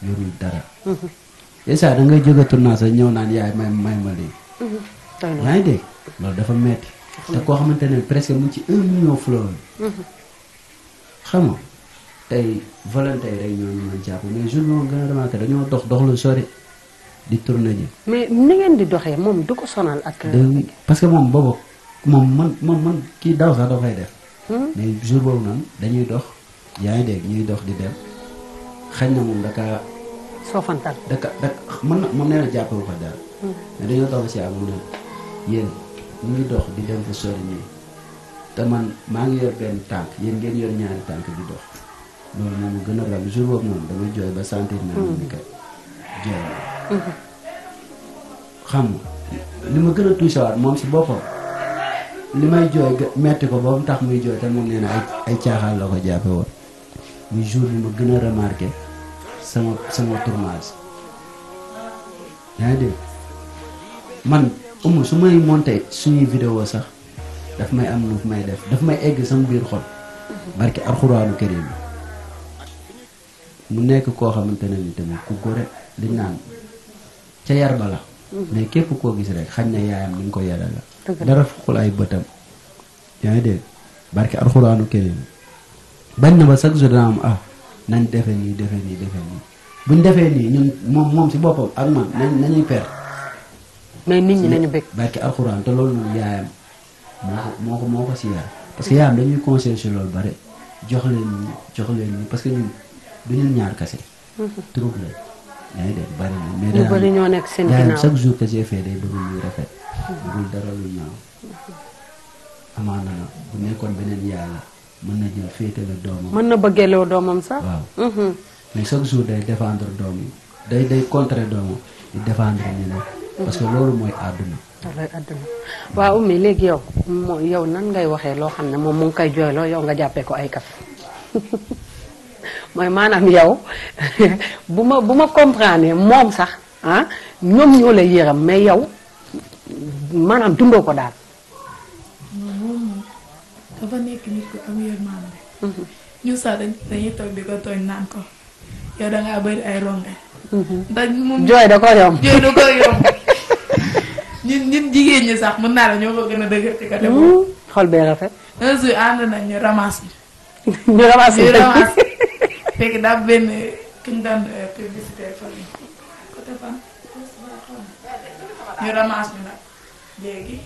yorul dara. et ça ñëw naan yaay may loolu dafa metti te koo xamante ne presque mu ci un million fleurs xam nga tey volontaire rek ñoo mën jàpp mais jour bi dañoo dox dox lu sori di tourné ji.
mais ni di doxee moom du ko sonal ak.
parce que moom boobu moom man moom man kii daw def. Hmm? mais jour boobu noonu dañuy dox yaa ngi dégg ñuy dox di dem xañ na moom daka. soofantal daka daka mën na moom nee na jàppee daal. Hmm. mais dañoo dox si amul yéen. mu ngi dox di dem fa sori nii te man maa ngi yor benn tànk yéen ngeen yor ñaari tànk bi dox loolu moom mu gën a ram jour boobu moom dama jooy ba sentir na ni hmm. kat jooy hmm. nga li ma gën a tuusawaat moom si boppam li may jooy metti ko ba mu tax muy jooy te moom nee ay ay caaxaan ko jàppe woon muy jour bi ma gën a remarqué sama sama tournage yaa ngi man umu su may monté suñuy video sax daf may am lu may def daf may egg sama biir xol mhm. barki alxuraanu karim mu nekk koo xamante ne ni tamit ku góore liñ naan ca yar bala la mhm. mais képp koo gis rek xañ na yaayam ni ko yara la dara fukkul ay bëtam yaa ngi dégg barki alxuraanu karim bañ na ba chaque jour dana am ah nañ defe nii defe nii defe nii buñ defee nii ñun moom moom si boppam ak man nañ nañuy perte
mais nit ñi nañu bëgg.
barke alxuraan te loolu noonu yaayam moo moo ko moo ko si yaayam parce que yaayam dañuy conseillé si loolu bare jox leen ñu jox leen ñu parce que duñu ñaar kese. Mm-hmm. trop ñu ñoo nekk seen ginnaaw chaque jour que j'ai fait day bëgg luy rafet. Mm-hmm. bëggul dara lu ñaaw. Mm-hmm. amaana bu nekkoon beneen yaay mën na jël féetale doomam. mën
na bëggeeloo doomam sax. waaw
chaque jour day défendre doom day day contrer doomam di défendre parce que loolu mooy àdduna.
loolooy àdduna waaw mais léegi yow mooy yow nan ngay waxee loo xam ne moom mu ngi koy jooyloo yow nga jàppee ko ay kaf mooy maanaam yaw bu ma bu ma comprendre moom sax ah ñoom ñoo lay yëram mais yow maanaam dundoo ko daal.
Mhm. Mhm. jooy da
ko yomb jooy
da ko yomb. ñun ñun jigéen ñi sax mën naa la ñoo ko gën a dëgër ci côté boobu. Hmm, xol bee rafet. un jour ànd nañ ñu ramasse ñu.
ñu ramasse ñu ramasse
fekk daa benn ki ñu daan euh, publicité fan côté fan léegi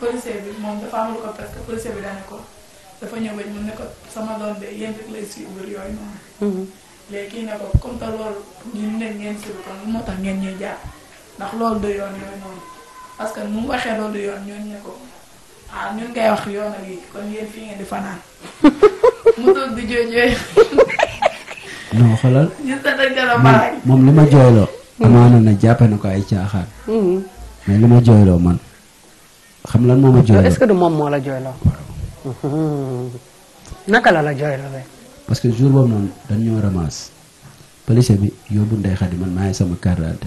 policier bi moom dafa amul ko parce que bi daan ko dafa ñëw bañ mu ne ko sama doon de yéen rek lay suivre yooyu noonu. Hmm. léegi ne ko comme loolu ñu ne ngeen suivre kon moo tax ngeen ñuy jàpp ndax loolu du yoon yooyu noonu. parce que nu mu waxee loolu yoon ñooñu ne ko ah ñun ngay wax yoon ak yi kon yéen fii ngeen di fanaan mu toog di jooy jooy. a
moom li ma jooyloo. amaana na jàppe na ko ay caaxaan. Mm-hmm. mais li ma jooyloo man xam lan moo ma jooyloo.
moom moo la jooyloo.
Mm-hmm.
naka la la jooyloo rek.
parce que jour boobu noonu dañ ñoo ramasse. police bi yóbbu Ndeye Khady man maay sama carte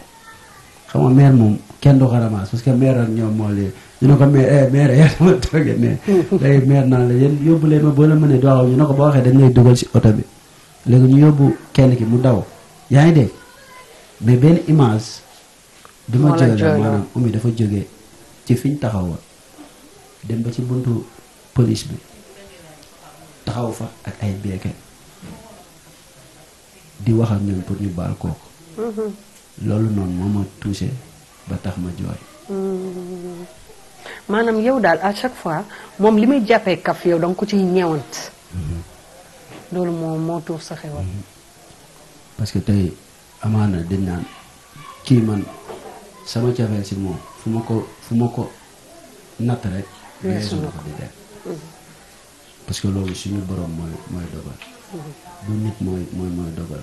xam nga maire moom kenn du ko ramasse parce que maire ak ñoom moo leen ñu ne ko maire eh, maire yaa dama toogee ne léegi maire naan la yéen yóbbu leen ma boo ma mënee doo aw ñu ne ko boo waxee dañ lay dugal si oto bi léegi ñu kenn ki mu daw yaa ngi dégg mais benn ma jël maanaam dafa jóge ci fi ñu taxawoon dem ba ci buntu police bi taxaw fa ak ay beeke di wax ak ñoom pour ñu baal kooku mm-hmm. loolu noonu moo ma touché ba tax ma jooy.
Hmm. maanaam yow daal à chaque fois moom li may jàppee kaf yow da ko ciy ñeewant. Mm-hmm. loolu moo moo tuur sa xewal. Mm-hmm.
parce que tey amaana dañ naan kii man sama cafeel si moom fu ma ko fu ma ko natt rek. weesu na ko di def mm-hmm. parce que loolu suñu borom mooy mooy dogal. du nit mooy mooy dogal.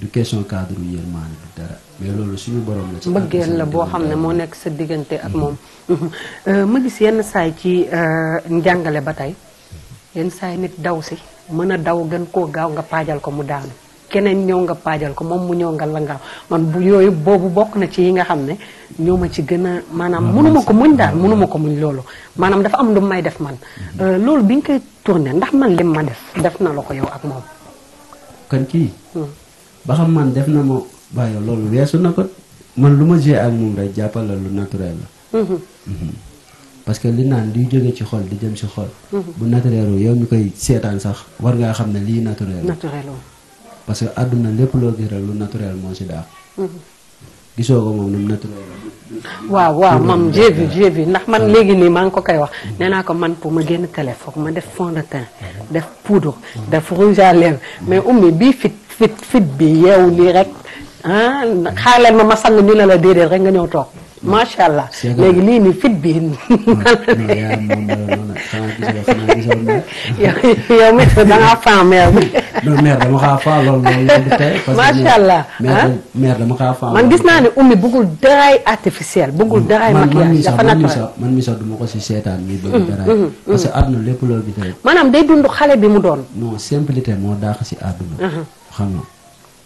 du question cadre yërmaane du dara loolu suñu borom la. ci mbëggeel
la boo xam ne moo nekk sa diggante ak moom. Euh, ma gis yenn saay ci euh, njàngale ba tey yenn saay nit daw si mën a daw gën koo gaaw nga paajal ko mu daanu keneen ñëw nga paajal ko moom mu ñëw nga la ngaaw man bu yooyu boobu bokk na ci yi nga xam ne ñëw ma ci gën a maanaam mënuma ko muñ daal mënuma ko muñ loolu maanaam dafa am lu may def man mm-hmm. euh, loolu bi nga koy turne ndax man lim ma def def na la ko yow ak moom.
ba xam man def na ma waaye loolu weesu na ko man lu ma jee ak moom rek jàppal la lu naturel la. Mhm. Mhm. parce que li naan luy jóge ci xol di dem ci xol. Mhm. bu naturelu yow mi koy seetaan sax war ngaa xam ne lii naturel naturel parce que àdduna lépp loo gis rek lu naturel moo si daax. gisoo ko moom lu naturel la.
waaw waaw mam j'ai vu j'ai ndax man léegi nii maa ngi ko koy wax nee naa ko man pour ma génn télé foog ma def fond de teint def poudre def rouge à fit fit bi yeew nii rek ah xaaral ma ma sang ñu ne la déedéet rek nga ñëw toog macha allah léegi lii nii fit bi.
yow mi da ngaa faa mère bi. non mère dama xaa faa lool lool tey. macha allah ah? mère dama xaa faa man gis
naa ne ummi bëggul daraay artificiel bëggul daraay maquillage dafa naturel
man mi sax du ma ko si seetaan mi bëgg mm-hmm, daraay. Mm-hmm, parce que mm-hmm. àdduna lépp loolu bi tey. maanaam day dund xale bi mu doon. non simplicité moo daax subhanallah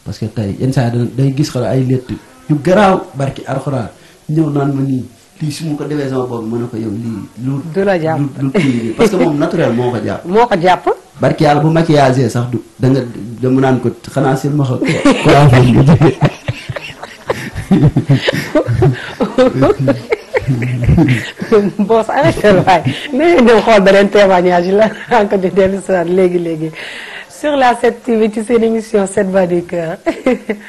parce que tey yenn saa yi day gis xala ay létt yu garaaw barki alxuraan ñëw naan ma nii lii su ma ko defee sama bopp mën na ko yow lii lu du jàpp lu kii parce que moom naturel moo ko jàpp barki yàlla bu maquillage sax du da nga naan ko xanaa sil ma ko
bon sa arrêté waay na ngeen dem xool beneen témoignage la encore di dellu si léegi léegi sur la 7 TV ci seen émission 7 voix du cœur.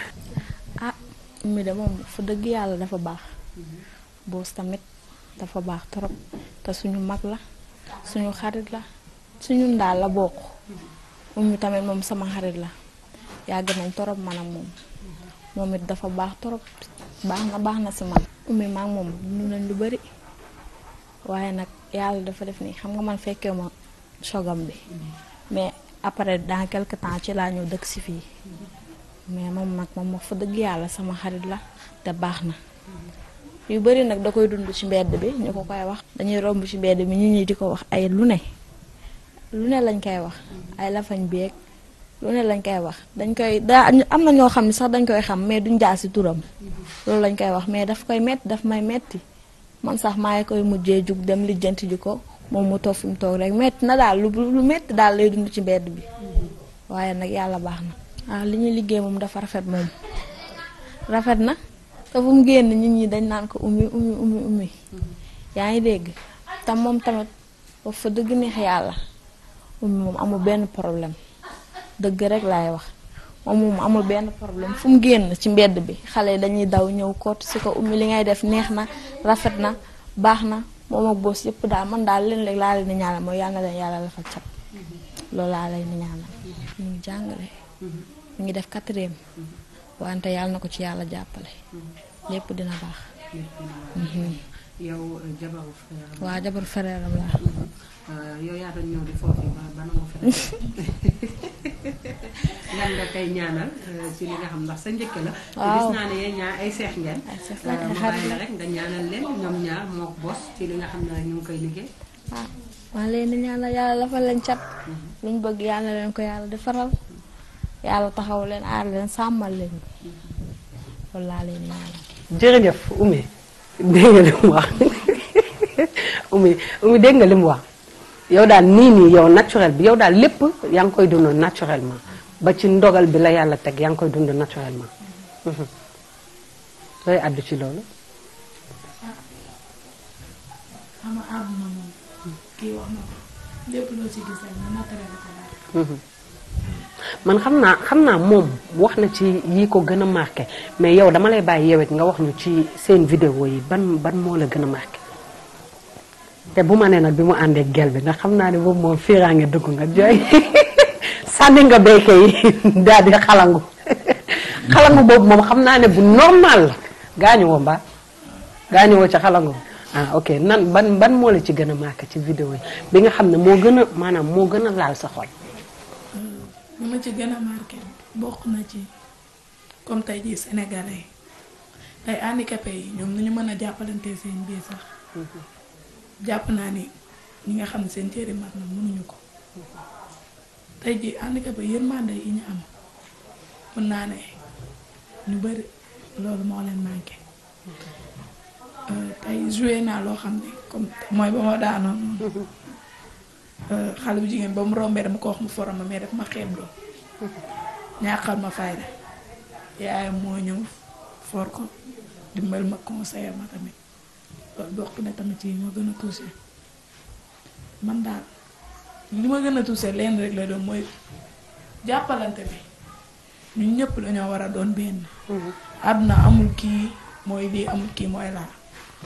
ah mi de moom fa dëgg yàlla dafa baax. boos tamit dafa baax trop te suñu mag la suñu xarit la suñu ndaal la bokk. um tamit moom sama xarit la yàgg nañ trop man ak moom moom it dafa baax trop baax na baax na si man. ummi maa moom nu nañ lu bari waaye nag yàlla dafa def nii xam nga man fekkee ma sogam bi mais. après dans quelque temps ci laa ñëw dëkk si fii mais moom nag moom wax fa dëgg yàlla sama xarit la te baax na yu bëri nag da koy dund ci mbedd bi ñu ko koy wax dañuy romb ci mbedd bi ñu ñi di ko wax ay lu ne lu ne lañ koy wax ay lafañ beeg lu ne lañ koy wax dañ koy daa am na ñoo xam ne sax dañ koy xam mais duñ jaar si turam loolu lañ koy wax mais daf koy metti daf may metti man sax maa ngi koy mujjee jug dem lijjanti ji ko moom mu toog fu toog rek metti na daal lu metti métti daal lay dund ci mbedd bi waaye nag yàlla baax na. ah li ñuy liggéey moom dafa rafet moom rafet na te fu génn nit ñi dañ naan ko ummi ummi ummi yaa ngi dégg te moom tamit ba fa dëgg neex yàlla ummi moom amul benn problème dëgg rek lay wax moom moom amul benn problème fu génn ci mbedd bi xale yi dañuy daw ñëw koot si ko ummi li ngay def neex na rafet na baax na. moom ak boos yëpp daal man daal leen laa leen di mooy yàlla leen yàlla la fa cat loolu laa leen di ñaanal mu ngi jàngale mu ngi def quatrième wante yàlla na ko ci yàlla jàppale lépp dina baax mhm.
yow euh, jabaru frère laa yow yaa doon ñëw di foofu euh, ndax sa njëkk la. waaw gis naa ne yéen ñaar euh, koy liggéey.
waaw ah, maa yàlla dafa leen cat.
Mm-hmm.
luñ bëgg yàlla leen ko yàlla defaral. yàlla taxaw leen aar leen sàmmal leen mm-hmm. loolu laa leen ñaanal.
jërëjëf Oumy dégg nga li mu wax Oumy Oumy dégg nga li yow daal nii nii yow naturel bi yow daal lépp yaa ngi koy dund naturellement ba ci ndogal bi la yàlla teg yaa ngi koy dund naturellement mhm. looy àddu ci loolu. loo mhm. man xam naa xam naa moom wax na ci yi ko gën a marqué mais yow dama lay bàyyi yewet nga wax ñu ci seen vidéo yi ban ban moo la gën a marqué. te bu ma ne nag bi mu àndee gel bi ndax xam naa ne boobu moom fiiraange dugg nga jooy sànni nga béykat yi daal di xalangu moom xam naa ne bu normal la gaañu woo mbaa ci xalangu ah ok nan ban ban moo la ci gën a marqué ci vidéo yi bi nga xam ne moo gën a maanaam moo gën a laal sa xol.
li ma ci gën a marqué bokk na ci comme tey jii sénégalais tey handicapé yi ñoom nu mën a jàppalante seen biir sax. Mm-hmm. jàpp naa ni ñi nga xam ne seen cëri mat na mënuñu ko tey ji handicapé yërmande yi ñu am mën naa ne ñu bari loolu moo leen manqué euh, tey joué naa loo xam ne comme mooy ba ma daanoon euh, xale bu jigéen ba mu rombee dama ko wax mu forom ma mais daf yaayam moo ñëw for ko dimbal ma conseiller ma tamit loolu bokk na tamit ci yi ma gën a touché man daal li ma gën a touché leen rek la doon mooy jàppalante bi ñun ñëpp dañoo war a doon benn. Mhm. na amul kii mooy lii amul kii mooy laa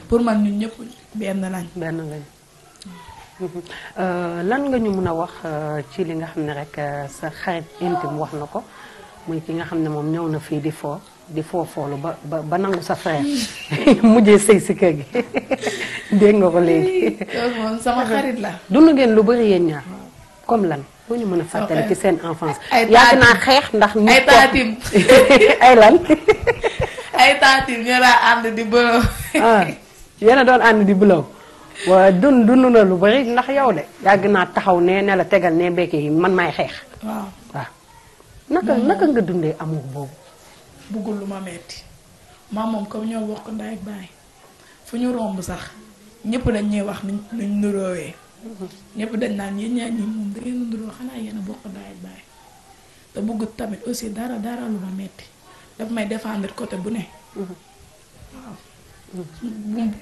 pour man ñun ñëpp
benn lañ. benn nga lañ. Mhm. Euh, lan nga ñu mën a wax euh, ci li nga xam ne rek euh, sa xarit intime wax na ko muy ki nga xam ne moom ñëw na fii di foo. di foofoolu ba ba ba nangu sa frère mujjee sëy si kër gi dégg ko léegi.
moom sama la.
dund lu bari yéen ñaar comme lan. boo ñu mën a fàttali ci seen enfance. ay yaakaar naa
xeex ndax. ay taatim ay
lan.
ay taatim ñu laa ànd di bëlaw.
ah yéen doon ànd di bëlaw. waa dund dund na lu bari ndax yow de yàgg naa taxaw nee ne la tegal nee mbéykat yi man maay xeex. waaw waaw naka naka nga dundee amoo boobu.
buggul lu ma metti maam moom comme ñoo bokk ndaay ak baay fu ñu romb sax ñëpp dañ ñuy wax nuñ nuñ nuroowee ñëpp dañ naan yéen ñaar ñi moom da ngeen xanaa yéen a bokk ndaay ak baay te bugg tamit aussi dara dara lu ma metti daf may défendre côté bu ne waaw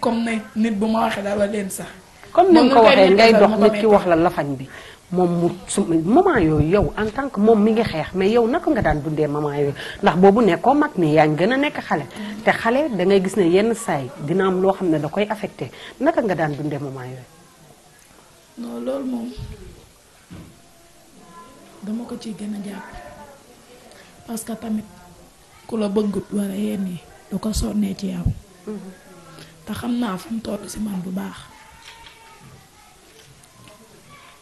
comme na nit bu ma waxee dara leen sax comme ni nga ko waxee ngay dox nit ki wax
la lafañ bi moom mu su moment yooyu yow en tant que moom mi ngi xeex mais yow naka nga daan dundee moment yooyu ndax boobu nekkoo mag ni yaa ngi gën a nekk xale. te xale dangay gis ne yenn saay dina am loo xam ne da koy affecté naka nga daan dundee moment yooyu.
non loolu moom dama ko ci gën a jàpp parce que tamit ku la bëggut wala yenn yi du ko sonnee ci yow. Mm-hmm. te xam naa fu mu toll si man bu baax.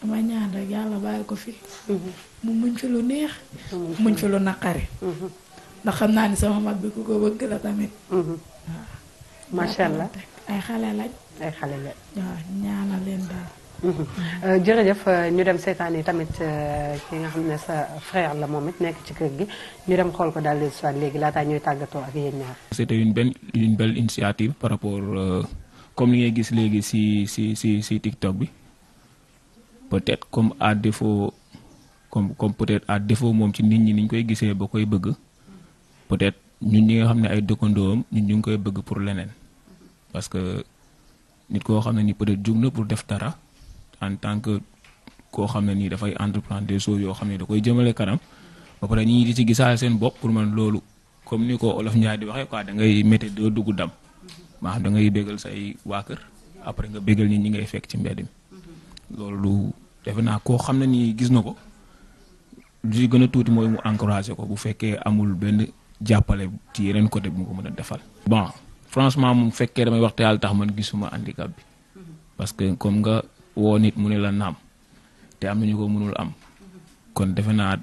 damay ñaan rek yàlla bàyyi ko fi. Mhm. mu muñ fi lu neex. Mhm. muñ fi lu naqari. Mhm. ndax xam naa ni
sama mag bi ku ko bëgg la tamit. waaw
macha allah
ay xale lañ. ay xale lañ. waaw ñaanal leen daal.
Euh, jërëjëf euh, ñu dem seetaan yi tamit euh, ki nga xam ne sa frère la moom it nekk ci kër gi ñu dem xool ko daal di soit léegi laataa ñuy tàggatoo ak yéen ñaar.
c'était une belle une belle initiative par rapport comme li ngay gis léegi si si si si TikTok bi. peut-être comme à défaut comme comme peut-être à défaut moom ci nit ñi ni koy gisee ba koy bëgg peut-être ñun ñi nga xam ne ay dëkkandoom ñun ñu ngi koy bëgg pour leneen parce que nit koo xam ne nii peut-être jug na pour def dara en tant que koo xam ne nii dafay entreprendre des choses yoo xam ne da koy jëmale kanam ba pare ñi di ci gisaale seen bopp pour man loolu comme ni ko olof Ndiaye di waxee quoi da ngay métti doo dugg dam maa xam da ngay bégal say waa kër après nga bégal ñi ñi ngay fekk ci mbedd mi loolu defe naa koo xam ne nii gis na ko li gën a tuuti mooy mu encouragé ko bu fekkee amul benn jàppale ci yeneen côté bu mu ko mën a defal. bon franchement mu fekkee damay wax yàlla tax man gisuma handicap bi parce que comme nga woo nit mu ne la naam te am nañu ko mënul am kon defe naa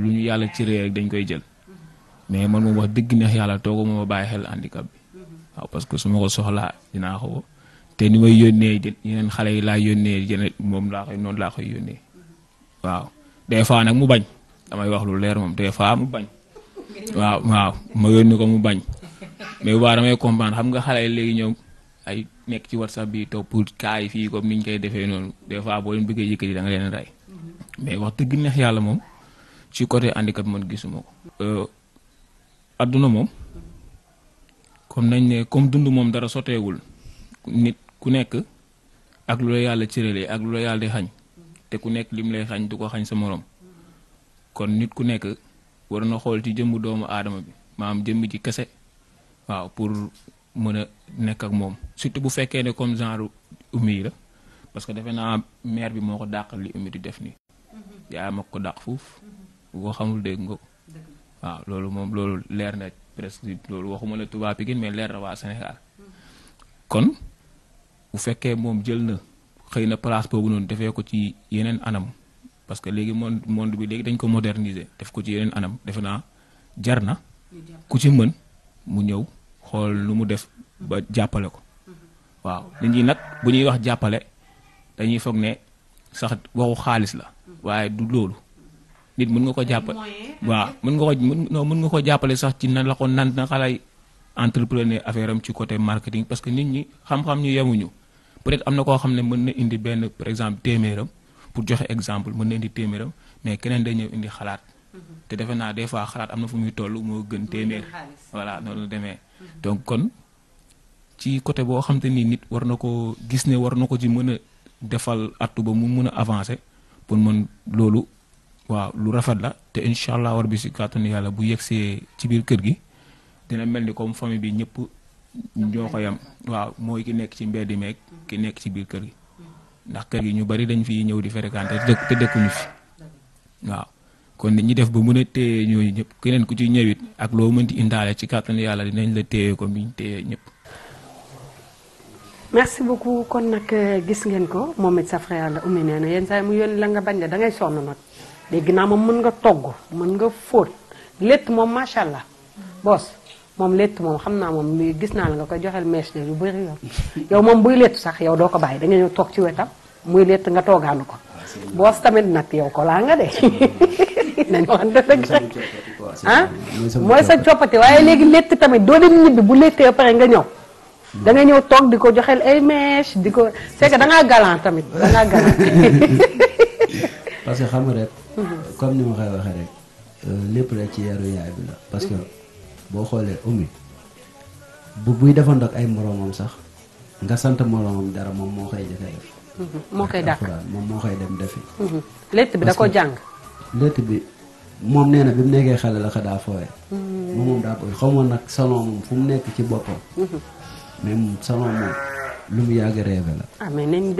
lu ñu yàlla ci réer rek dañ koy jël mais man moom wax dëgg neex yàlla toogu ma bàyyi xel handicap bi waaw parce que su ma ko soxlaa dinaa ko. te ni may yónnee yeneen xale yi laa yónnee jëne moom laa koy noonu laa koy yónnee waaw des fois nag mu bañ damay wax lu leer moom des fois mu bañ waaw waaw ma yónni ko mu bañ mais waa damay comprendre xam nga xale yi léegi ñoom ay nekk ci whatsapp bi topp pour kaay fii comme niñ koy defee noonu des fois boo leen bëggee yëkkati da danga leen rey mais wax dëgg neex yàlla moom ci côté handicap man gisuma ko. Euh, adduna moom comme nañ ne comme dund moom dara sotewul nit. ku nekk ak lu la yàlla cëralee ak lu la yàlla xañ te ku nekk lim lay xañ du ko xañ sa moroom kon nit ku nekk war na xool ci jëmmu doomu aadama bi maanaam jëmm ji kese waaw pour mën a nekk ak moom surtout bu fekkee ne comme genre ummi la parce que defe naa maire bi moo ko dàq li ummi def nii. yaa ko dàq fuuf. boo xamul dégg nga waaw loolu moom loolu leer na presque loolu waxuma la bi Pikine mais leer na waa Sénégal kon. bu fekkee moom jël na xëy na place boobu noonu defee ko ci yeneen anam parce que léegi monde monde bi léegi dañ ko moderniser def ko ci yeneen anam defe naa jar na ku ci mën mu ñëw xool lu mu def ba jàppale ko waaw nit ñi nag bu ñuy wax jàppale dañuy foog ne sax waxu xaalis la waaye du loolu nit mën nga ko jàppale waaw mën nga ko non mën nga ko jàppale sax ci na la ko nan na xalay entrepreneur affaire am ci côté marketing parce que nit ñi xam-xam ñu yemuñu peut-être am na koo xam ne mën na indi benn par exemple téeméeram pour joxe exemple mën na indi téeméeram mais keneen day ñëw indi xalaat. Mm-hmm. te defe naa des fois xalaat am na fu muy toll moo gën téeméer. voilà noonu la demee. Mm-hmm. donc kon ci côté boo xam te ni nit war na ko gis ne war na ko ci mën a defal attu ba mu mën a avancer pour mën loolu waaw lu rafet la te incha allah war bi si kàttanu yàlla bu yegsee ci biir kër gi dina mel ni comme famille bi ñëpp. ñoo ko waaw mooy ki nekk ci mbedd meeg ki nekk ci biir kër gi ndax kër gi ñu bari dañ fi ñëw di fréquenter te dëkkuñu fi waaw kon nit ñi def ba mun a téye ñooñu ñëpp keneen ko ci ñëwit ak loo mënti indaale ci kàttan yàlla dinañ la téye ko biñ téye ñëpp.
merci beaucoup kon nag euh, gis ngeen ko moom it sa frère la umi nee na yenn saa mu yónni la nga bañ ne da ngay sonn nag léegi naa moom mën nga togg mën nga fóot lépp moom macha allah boos. moom létt moom xam naa moom gis naa la nga koy joxel mèche yu bëri yoon yow moom buy létt sax yow doo ko bàyyi da ñëw toog ci wetam muy létt nga toogaanu ko boos tamit nag yow ko laa nga de nañ waxante dëgg rek ah mooy sa coppati ah? waaye léegi létt tamit doo dem ñibbi bu léttee pare nga ñëw da nga ñëw toog di ko joxel ay mèche di ko c'est que da tamit da ngaa galant
parce xam nga rek mhm. comme ni ma euh, lépp rek ci yaru boo xoolee Oumy bu buy defandoog ay moroomam sax nga sant moroomam dara moom moo koy jëkk a def. Mhm, moo koy dàq moom moo koy dem defi.
Mhm. létt bi da ko jàng.
létt bi moom nee na bi mu nekkee xale la ko daa fooyee. moom moom daa koy xamoon nag salon moom fu mu nekk ci boppam. mais mhm. salon moom. lu mu yàgg rêvé la.
ah mais nañ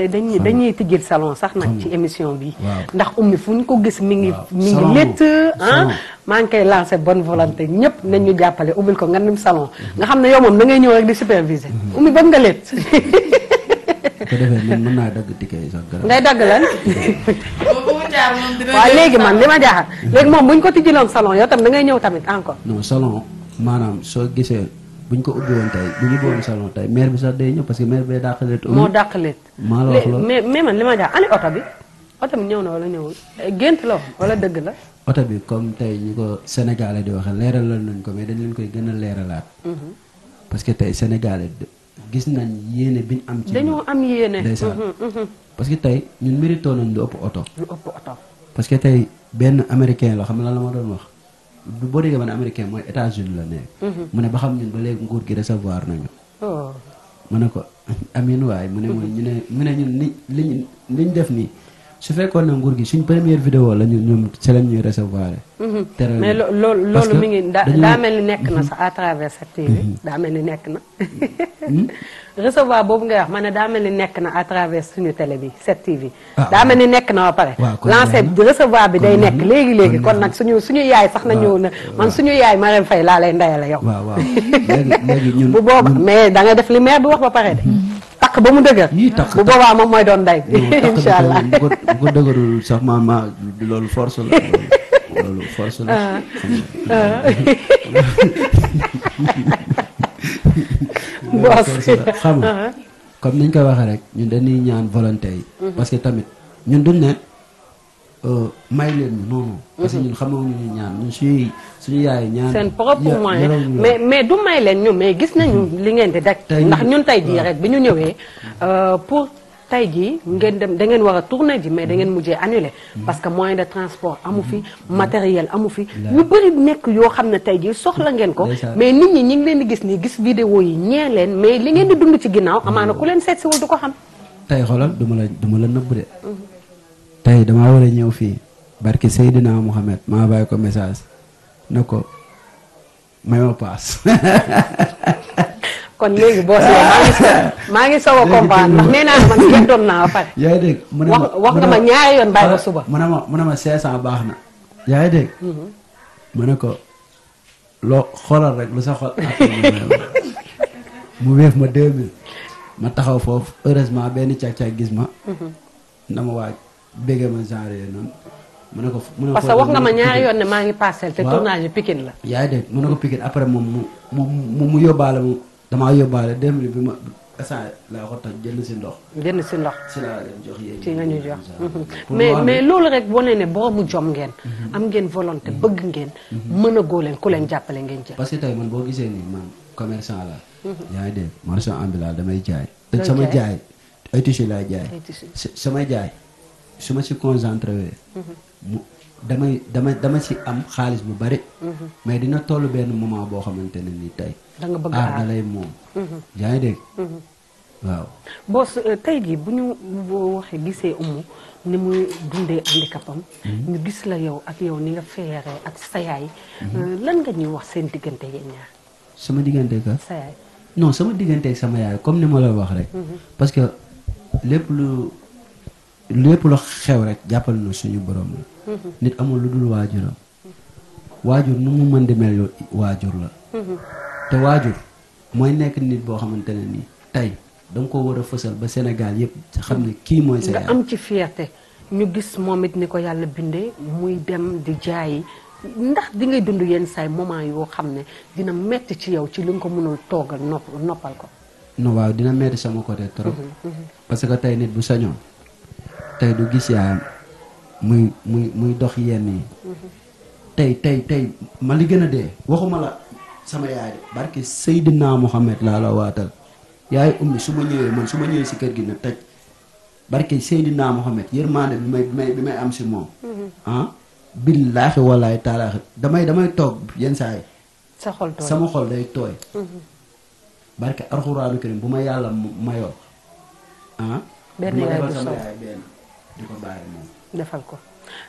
dañuy tijjil salon sax nag ci émission bi. ndax ummi fu ñu ko gis mi ngi. mi ngi létt ah. maa ngi koy lancé bonne ñëpp nañ ñu jàppale ubbil ko nga nim salon. nga xam ne yow moom da ngay ñëw rek di superviser. Mm-hmm. ummi bëgg nga létt.
ko defee man mën naa dagg ticket sax garab. ngay dagg
lan. waaw léegi man li ma jaaxal. Mm-hmm. léegi moom bu ñu ko tijjiloon salon yow tam da ngay ñëw tamit encore.
non salon maanaam soo gisee. bu ñu ko ubbi woon tey bu ñu ubbi woon salon tey maire bi sax day ñëw parce que bee dàq leet. moo dàq leet. maa wax loolu mais
mais man li ma bi
oto eh, ñu ko Sénégalais di waxee leeralal nañ ko mais dañ leen koy gën a leeralaat. Mhm. parce que tey Sénégalais gis nañ yéene bi ñu am. ci dañoo
mhm,
mhm. que tey ñun mérito nañ lu ëpp oto. que tey benn américain la xam lan la ma doon wax. bu boo déggee man américain mooy États-Unis la nekk. Mhm. mu ba xam ñun ba léegi nguur gi recevoir nañu. Oh. mu ne ko amin waay mu ne mooy ñu ne ñun liñ def nii su fekkoon na nguur gi suñ première vidéo la ñu ñoom ci lañ ñuy recevoir.
Mhm. terewul mais loolu loolu mi ngi daa mel ni nekk na mhm.
sax
à travers cette daa mel ni nekk na. Hmm? recevoir boobu nga wax man ne daa mel ni nekk na à travers suñu télé bi 7TV. Ah, ah. daa mel ni nekk na ba pare. lancé recevoir bi day nekk léegi léegi kon nag suñu suñu yaay sax na ñëw na man suñu yaay ma Marème Faye laa lay ndeyale yow.
bu
boobu mais da ngay def li maire bi wax ba pare de. Hmm. takk ba mu dëgër. bu boobaa moom mooy doon ndey. incha allah bu
ko bu ko dëgërul sax maama loolu force la. loolu force la. Ah. boos xam nga comme niñ koy waxee rek ñu dañuy ñaan volonté yi. Uh-huh. parce que tamit ñun duñ ne euh, may leen ñu non non. parce que uh-huh. ñun xamoo ñaan ñun suñuy suñu yaay ñaan. seen propre moyen mais
mais du may leen ñu mais gis nañu mm-hmm. li ngeen di daj. ndax ñun tey jii rek bi ñu ñëwee mm-hmm. euh, pour. tey jii ngeen dem da ngeen war a tourner ji mais dangeen ngeen mujjee annulé mm-hmm. parce que moyen de transport amu fi mm-hmm. matériel amu fi yu bëri nekk yoo xam ne tey jii soxla ngeen ko mais nit ñi ñi ngi leen di gis nii gis vidéo yi ñee leen mais li ngeen di dund ci ginnaaw mm-hmm. amaana ku leen seet siwul du ko
xam tey xoolal duma la duma la nëbb de tey damaa war a ñëw fii barki Seydina Mohamed maa bàyyi ko message na ko may paas
kon léegi boo see maa ngi soog a comprendre
ndax nee naa la
man ngi dégg mu ne wax nga ma ñaari yoon mu ne ma mu ne ma baax na. yaa ngi dégg. Mhm. mu ne ko loo xoolal rek lu sa xol mu weef ma 2000 ma taxaw foofu heureusement benn càq-càq gis ma. Mhm. na ma waaj béggee ma genre yooyu mu ne ko mu ne ko wax nga ma ñaari
maa ngi parcelle te tournage bi Pikine la.
yaa ngi dégg mu ne ko Pikine après moom mu mu mu yóbbaale mu. damaa yóbbaale démb bi ma essai laa ko toj jënd si ndox.
jënd si ndox si laa leen jox yéen. ci nga ñu jox mhm. mais mais loolu rek wane ne boromu jom ngeen. Mhm. am ngeen volonté mhm. bëgg ngeen. mën a góo leen ku leen jàppale ngeen jël.
parce que tey man boo gisee nii man commerçant la yaa ngi dégg marchand ambulant damay jaay. te sama jaay ay tissu laay jaay. samay jaay su ma si concentré mu damay dama dama ci am xaalis bu bari. Mhm. mais dina toll benn moment boo xamante ne nii tey. da nga bëgg ah, aar da lay moom. Mhm. yaa ngi mhm. waaw
boos euh, tey jii bu ñu boo waxee gisee umu ni muy dundee handicapam. ñu gis la yow ak yow ni nga feeree ak sa yaay. Euh, lan nga ñuy wax seen diggante yéen ñaar.
sama diggante ka sa yaay. sama diggante ak sama yaay comme ni ma lay wax rek. parce que lépp lu lépp lu xew rek jàppal na suñu borom la. nit amul lu dul waajuram waajur nu mu mën di mel waajur la te waajur mooy nekk nit boo xamante ne nii tey danga ko war a fësal ba Sénégal yëpp xam ne kii mooy sa nga
am ci fierté ñu gis moom it ni ko yàlla bindee muy dem di jaayi ndax di ngay dund yenn saay moment yoo xam ne dina metti ci yow ci li nga ko mënul toogal nopp noppal ko
non waaw dina metti sama côté trop mhm, mhm. parce que tey nit bu sañoon tey du gis yaayam muy muy muy dox yenn yi tey tey tey ma li gën a dee waxuma la sama yaay de barke naa Mohamed laa la waatal yaay ummi su ma ñëwee man su ma ñëwee si kër gi na tëj barke Seydina Mohamed yërmande bi may bi may am si moom mm-hmm. ah billaahi wallaahi damay damay toog yenn saa yi sa xol tooy sama xol day tooy mm-hmm. barke alxuraanu karim bu ma yàlla mayoon ah benn di ko bàyyi moom
defal ko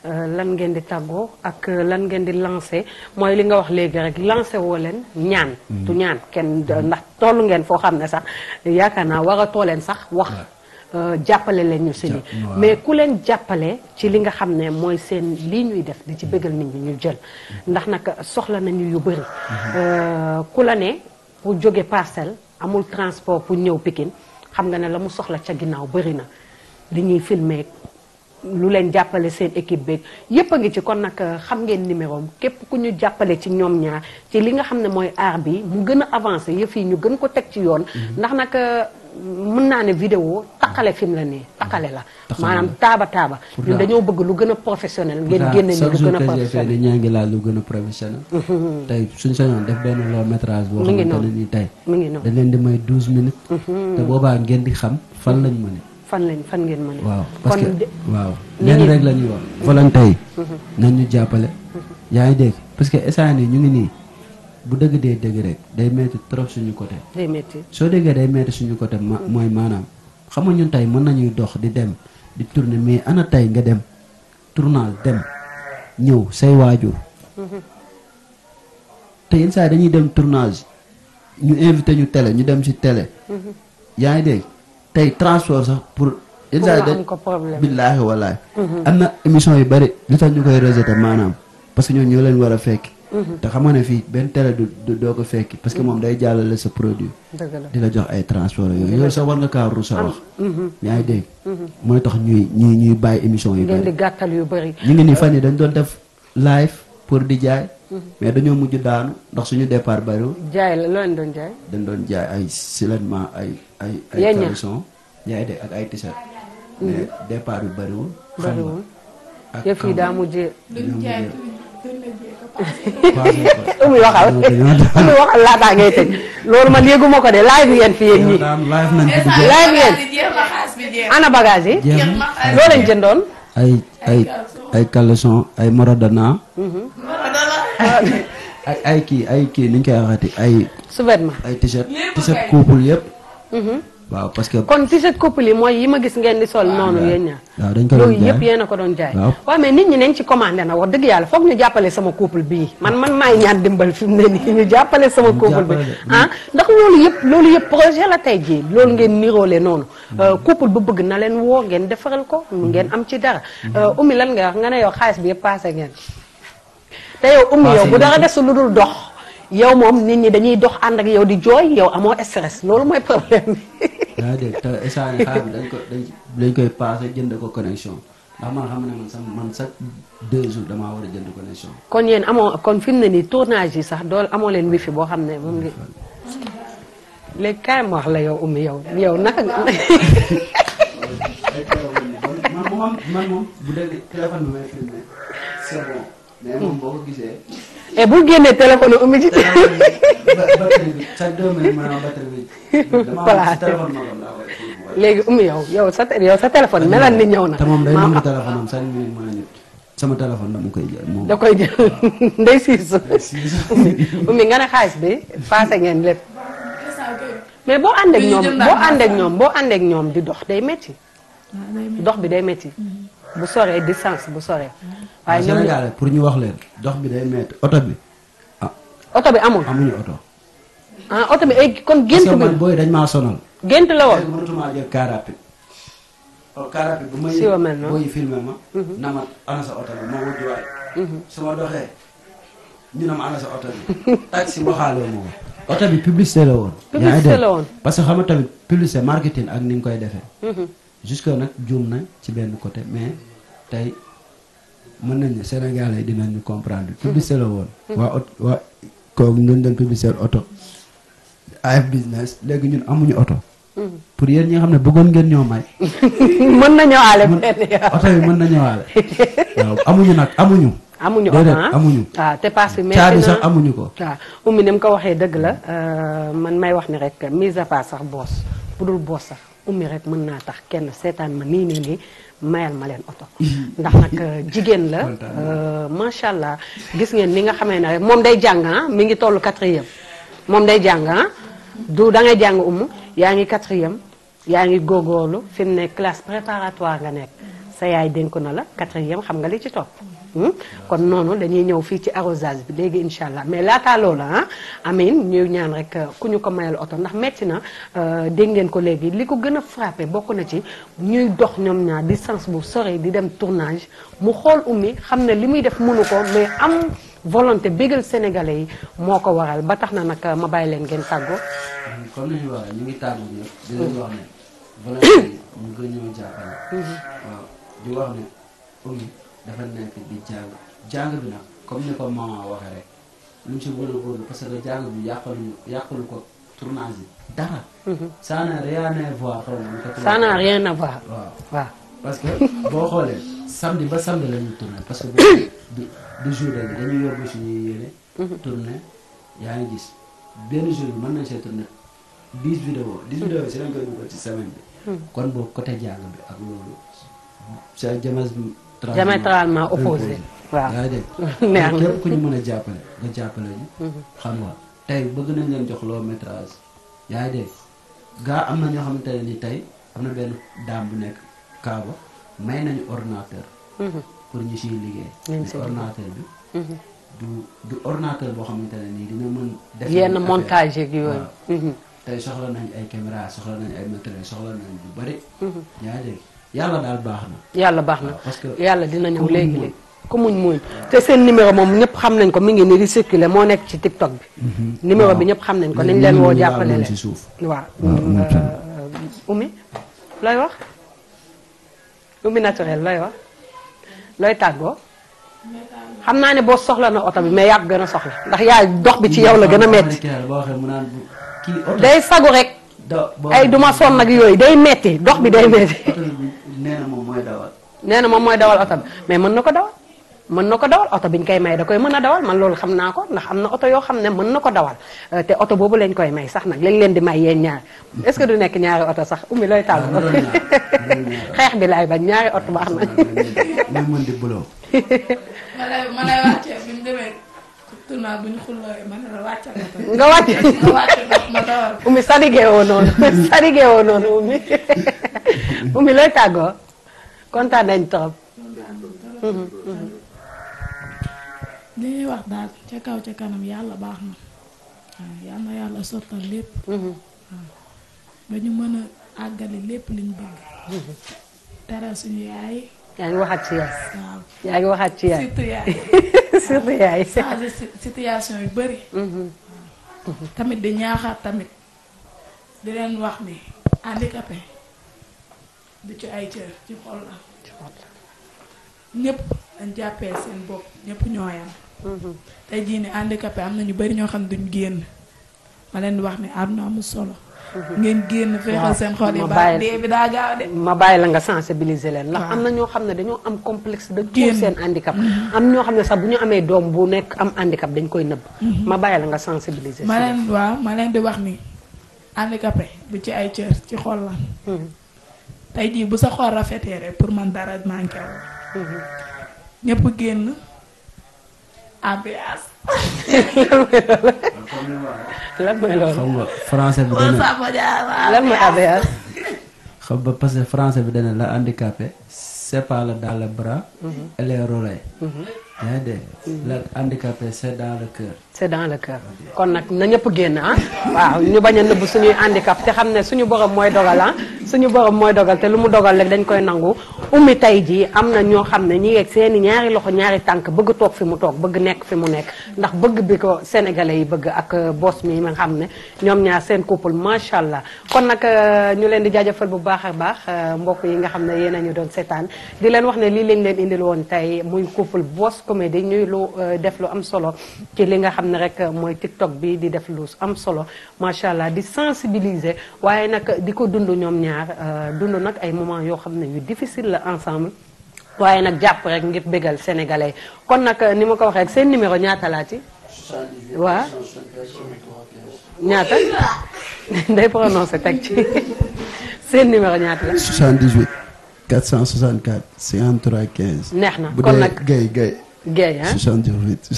euh, lan ngeen di tàggoo ak euh, lan ngeen di lancé mooy li nga wax léegi rek lancé woo leen ñaan. Mhm. du ñaan kenn ndax tollu ngeen foo xam ne sax yaakaar naa war a tooleen sax wax. Euh, jàppale leen ñu si lii mais ku leen jàppale ci li nga xam ne mooy seen lii ñuy def di ci mhm. bëggal nit ñi ñu jël ndax nag soxla nañu yu bëri mhm. ku la ne bu jóge parcelle amul transport pour ñëw pikin xam nga ne la mu soxla ca ginnaaw bëri na li ñuy filmer lu leen jàppale seen équipe beeg yépp a ngi ci kon nag euh, xam ngeen numéro képp ku ñu jàppale ci ñoom ñaar ci li nga xam ne mooy aar bi mu gën a avancé yëf yi ñu gën ko teg ci yoon mm-hmm. ndax nag euh, mun naa ne vidéo taqale fi la nii taqale la maanaam taaba taaba ñun dañoo bëgg lu gën a professionnel ngeen
génne ñu lu gën a professionnel ñaa ngi laal tey suñ sañoon def benn long métrage boo xamante ne nii tey mi ngi noonu dañ leen di may douze minutes te boobaa ngeen di xam fan lañ mëne
fan lañ fan ngeen mën waaw parce que waaw lenn rek la ñuy wax volonté yi. Mhm.
nañ ñu jàppale. Mhm. yaa ngi dégg parce que instant yi ñu ngi nii bu dëgg dee dëgg rek day metti trop suñu côté. day metti soo déggee day metti suñu côté ma mhm. mooy maanaam xam nga ñun tey mën nañuy dox di dem di tourner mais ana tey nga dem tournal dem ñëw say waajur. te yenn saa dañuy dem tournage ñu invité ñu télé ñu dem ci télé. yaa ngi dégg. tey transport sax pour. pour billaahi walaay mhm. am na émission yu bëri li tax ñu koy rejeté maanaam parce que ñoo ñoo leen war a fekki. Mhm. te xam fii benn télé doo ko fekki parce mhm. moom day jàllale sa produit. di la jox ay transport yooyu yooyu sax war nga kaa rusa wax. yaa ngi dégg. mooy tax ñuy bàyyi émission yu
bëri. ñu ngi ni euh. fan yi
dañ doon def live pour di jaay. mais dañoo mujj daanu ndax suñu départ bariwul.
jaay la loo doon jaay.
dañ doon jaay ay silalement ay ay. ay caleçon jaay de ak ay t mhm. départ bariwul. bariwul yi daa mujjee. umu waxal umu waxal laataa ngay tëj loolu man yëguma ko de live yeen fi yéen ñii live
yeen ana bagage yi
loolu lañ jëndoon ay ay ay Caleçon ay Maradona. Mm-hmm. ay kii ay kii ni koy waxati ay. sous-vêtement ay t-shirt t-shirt couple yëpp. Mm-hmm. waaw parce que
kon t-shirt couple yi mooy yi ma gis ngeen di sol noonu yéen ñaar
waaw dañ ko doon jaay loolu yëpp
a ko doon jaay waaw mais nit ñi nañ ci commandé na wax dëgg yàlla foog ñu jàppale sama couple bii man man maay ñaan dimbal fi mu ne nii ñu jàppale sama couple bi ah ndax loolu yëpp loolu yëpp projet la tey jii loolu ngeen niroole noonu mm. euh, couple bu bëgg na leen woo ngeen defaral ko mm. ngeen am ci dara mm. euh, umi lan nga wax nga ne yow xaalis bi yëpp paase ngeen te yow umi yow bu dara desul lu dul dox yow moom nit ñi dañuy dox ànd ak yow di jooy yow amoo stress loolu mooy problème bi.
yaa dégg te instant yii xaaral dañ ko koy passé jënd ko connexion ndax man xam ne man sax deux jours damaa war a jënd connexion.
kon yéen amoo kon fi mu ne nii tournage sax dool amoo leen wifi boo xam ne moom ngi léegi kaay ma wax la yow Oumy yow yow naka nga.
man moom bu dee téléphone bi may filmé c'est bon mais moom boo ko gisee.
et ah, bu génnee téléphone yi ummi ci.
voilà
léegi ummi yow
yow sa yow sa téléphone melal ni ñëw na. te moom day nangu
téléphone am sama téléphone dama koy jël moom. da
koy jël ndey siis. ummi nga ne xaalis bi passé ngeen lépp. mais boo ànd ak ñoom boo ànd ñoom boo ànd ñoom di dox day métti. dox bi day metti mm-hmm. bu soree distance bu soree. Ah, waaye ñoom
pour ñu wax leen dox bi day métti oto bi ah. oto bi amul amuñu oto. ah oto bi ay kon gént bi parce que man oh, ma. Mhm. na ma ana sa oto bi ma wut waay. Mhm. su ma doxee ñu ne ma ana sa oto bi. taxi waxaaloo ma ko. oto bi publicité la woon. publicité la woon yaa parce que xam nga tamit publicité marketing ak ni nga koy defee. Mhm. jusque nag juum na ci benn côté mais tey mën nañ ne Sénégalais dinañu comprendre hmm. publicité la woon waa ot waa kooku ñun doon publicité oto AF business léegi ñun amuñu oto hmm. pour yéen ñi nga xam ne bëggoon ngeen ñoo may
mën na ñëwaale
oto yi mën na ñëwaale waaw amuñu nag amuñu
amuñu oto ah? amuñu waaw ah, te parce que caabi sax amuñu ko waaw ah, ummi ni mu ko waxee dëgg la euh, man may wax ni rek mise à part sax boos bu dul boos sax ummi rek mën naa tax kenn seetaan ma nii nii nii mayal ma leen oto. ndax nag euh, jigéen la. Euh, macha allah gis ngeen ni nga xamee ne rek moom day jàng ah, mi ngi toll quatrième moom day jàng ah. du da jàng umu yaa ngi quatrième yaa ngi góorgóorlu fi mu ne classe préparatoire nga nekk sa yaay dénku na la quatrième xam nga li ci topp. Hmm? kon noonu dañuy ñëw fii ci arrosage bi léegi incha allah mais laataa la ah amiin ñuy ñaan rek euh, ku ñu ko mayal oto ndax metti na euh, dégg ngeen ko léegi li ko gën a frappé bokk na ci ñuy dox ñoom ñaar distance bu soree di dem tournage mu xool ummi xam ne li muy def mënu ko mais am volonté bégal sénégalais yi moo ko waral ba tax na nag euh, ma
bàyyi leen ngeen tàggoo. dafa nekk di jàng jàng bi nag comme ni ko maman waxee rek lu ci góorgóorlu parce que jàng bi yàqaluñu ko tournage dara. Mhm. ça n'a rien à voir xaw ma. ça n'a rien parce que boo xoolee samedi ba samedi la ñuy parce que boobu du du jour bi dañuy yóbbu suñuy yéene. Mhm. tourné yaa ngi gis benn jour bi mën nañ see tourné dix vidéo dix vidéo si lañ koy dugal ci semaine bi. Mhm. kon boobu côté jàng bi ak loolu sa jamas bi. diamétralement opposé waaw yaa dégg képp ku ñu mën a jàppale nga jàppale ñu mhm. xam nga tey bëgg na leen jox loo métrage yaa dégg gaa am na ñoo xamante ne ni tey am na benn daam bu nekk Kaaba may nañu ordinateur mhm. pour ñu siy liggéey mais ordinateur bi mhm. du ordinateur boo xamante ne nii dina mën def yenn montage yooyu tey soxla nañ ay caméra soxla nañ ay matériel soxla nañ bu bëri yaa dégg yàlla daal baax na.
yàlla baax na parce que yàlla dina ñëw léegi léegi. ku muñ muñ te seen numéro moom ñëpp xam nañ ko mi ngi nii di circulé moo nekk ci TikTok bi. Mhm. numéro bi ñëpp xam nañ ko nañ leen woo jàppale leen ci suuf. waaw
euh,
Oumy looy wax Oumy naturel looy wax looy tàggoo. xam naa ne boo soxla na oto bi mais yaa gën a soxla ndax yaa dox bi ci yow la gën a metti
day fagu rek ay duma sonn ak yooyu day metti dox bi day metti nee moom mooy dawal. nee na moom mooy dawal
oto mais mën na ko dawal. mën na ko dawal oto bi ñu koy may da koy mën a dawal man loolu xam naa ko ndax am na oto yoo xam ne mën na ko dawal te oto boobu lañ koy may sax nag lañ leen di may yéen ñaar est-ce que du nekk ñaari oto sax ummi looy tàll xeex bi laay bañ ñaari oto baax
na. mën di buloo.
naa bu ñu xullooyee ma ne la wàccal ma. nga wàcc nga wàcc ndox ma
dawal.
Oumy sadigee woo noonu mm. sadigee woo noonu Oumy Oumy looy tàggoo kontaan nañ trop.
Mm-hmm, mm-hmm.
li ñuy wax daal ca kaw ca kanam yàlla baax na waaw yal na yàlla sottal lépp. Mm-hmm. waaw ba ñu mën a àggali lépp liñ bëgg. teral suñu yaay.
yaa ngi waxaat ci yaay. yaa yaay
surtout ah, yaay. surtout yaay. yu bari mm-hmm. ah. tamit di ñaaxaat tamit di leen wax ni handicapé du ci ay cër ci xol la. ci xol dañ jàppee seen bopp ñëpp ñoo yam. Mm-hmm. tey jii ni am na ñu bari ñoo xam ne duñ génn ma leen wax ni àdduna amul solo. ngeen génn feexal seen xol yi baax dee bi daa
gaaw de ma bàyyi la nga sensibiliser leen ndax am na ñoo xam ne dañoo am complexe de tuur seen handicap mm-hmm. am ñoo xam ne sax bu ñu amee doom bu nekk am handicap dañ koy nëbb mm-hmm. ma bàyyi la nga sensibiliser ma leen
waaw ma leen di wax ni handicapé bu ci ay cër ci xool la mm-hmm. tay jii bu sa xool rafetee rek pour man dara manqué wu ñëpp génn ambiance
lan mooy xam nga français bi dana que français bi dana la handicapé sépale dans bras. et les relais. yaa ngi dégg. la handicapé
c'est dans le cœur kon nag na ñëpp génn ah waaw ñu bañ a nëbb suñuy handicap te xam ne suñu borom mooy dogal ah suñu borom mooy dogal te lu mu dogal rek dañ koy nangu ummi tey jii am na ñoo xam ne ñi ngeeg seeni ñaari loxo ñaari tànk bëgg toog fi mu toog bëgg nekk fi mu nekk ndax bëgg bi ko sénégalais yi bëgg ak euh, boss mi nga xam ne ñoom ñaar seen couple macha allah kon nag euh, ñu leen di jaajëfal bu baax a baax euh, mbokk yi nga xam ne yéen a ñu doon seetaan di leen wax ne lii lañ leen indil woon tey muy couple boss comédie ñuy solo xam ne rek mooy TikTok bi di def lu am solo macha allah di sensibiliser waaye nag di ko dund ñoom ñaar euh, dund nag ay moment yoo xam ne yu difficile la ensemble waaye nag jàpp rek ngir bégal sénégalais kon nag ni ma ko waxee seen numéro ñaata laa ci. waa ñaata day prononcé teg ci seen numéro ñaata la. 78
464 53 15. neex na kon nag Guèye ah 78.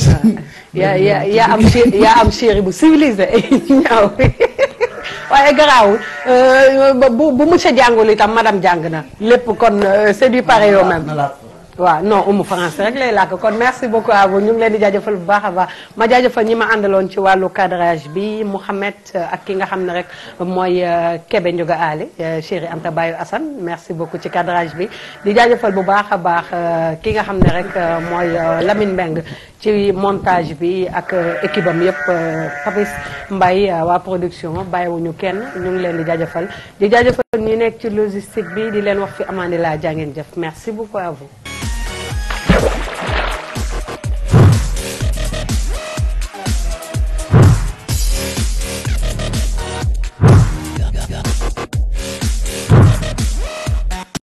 yaa yaa yaa am chéri yaa am chéri bu civilisé ñaaw waaye garaawul euh, bu bu monsieur jàngul itam madame jàng na lépp kon euh, c'est du pareil au waaw non umu france rek lay làkk kon merci beaucoup à vous ñu ngi leen di jaajëfal bu baax a baax ma jaajëfal ñi ma àndaloon ci wàllu cadrage bi Mouhamed euh, ak ki nga xam ne rek mooy euh, kebe Ndioga Ali euh, chéri Anta Bayo Assane merci beaucoup ci cadrage bi di jaajëfal bu baax a baax ki nga xam ne rek mooy lamin Mbeng ci montage bi ak équipe am yëpp Papis Mbaye waa production bàyyiwuñu kenn ñu ngi leen di jaajëfal di jaajëfal ñi nekk ci logistique bi di leen wax fi amaandi laa jàngeen jëf merci beaucoup à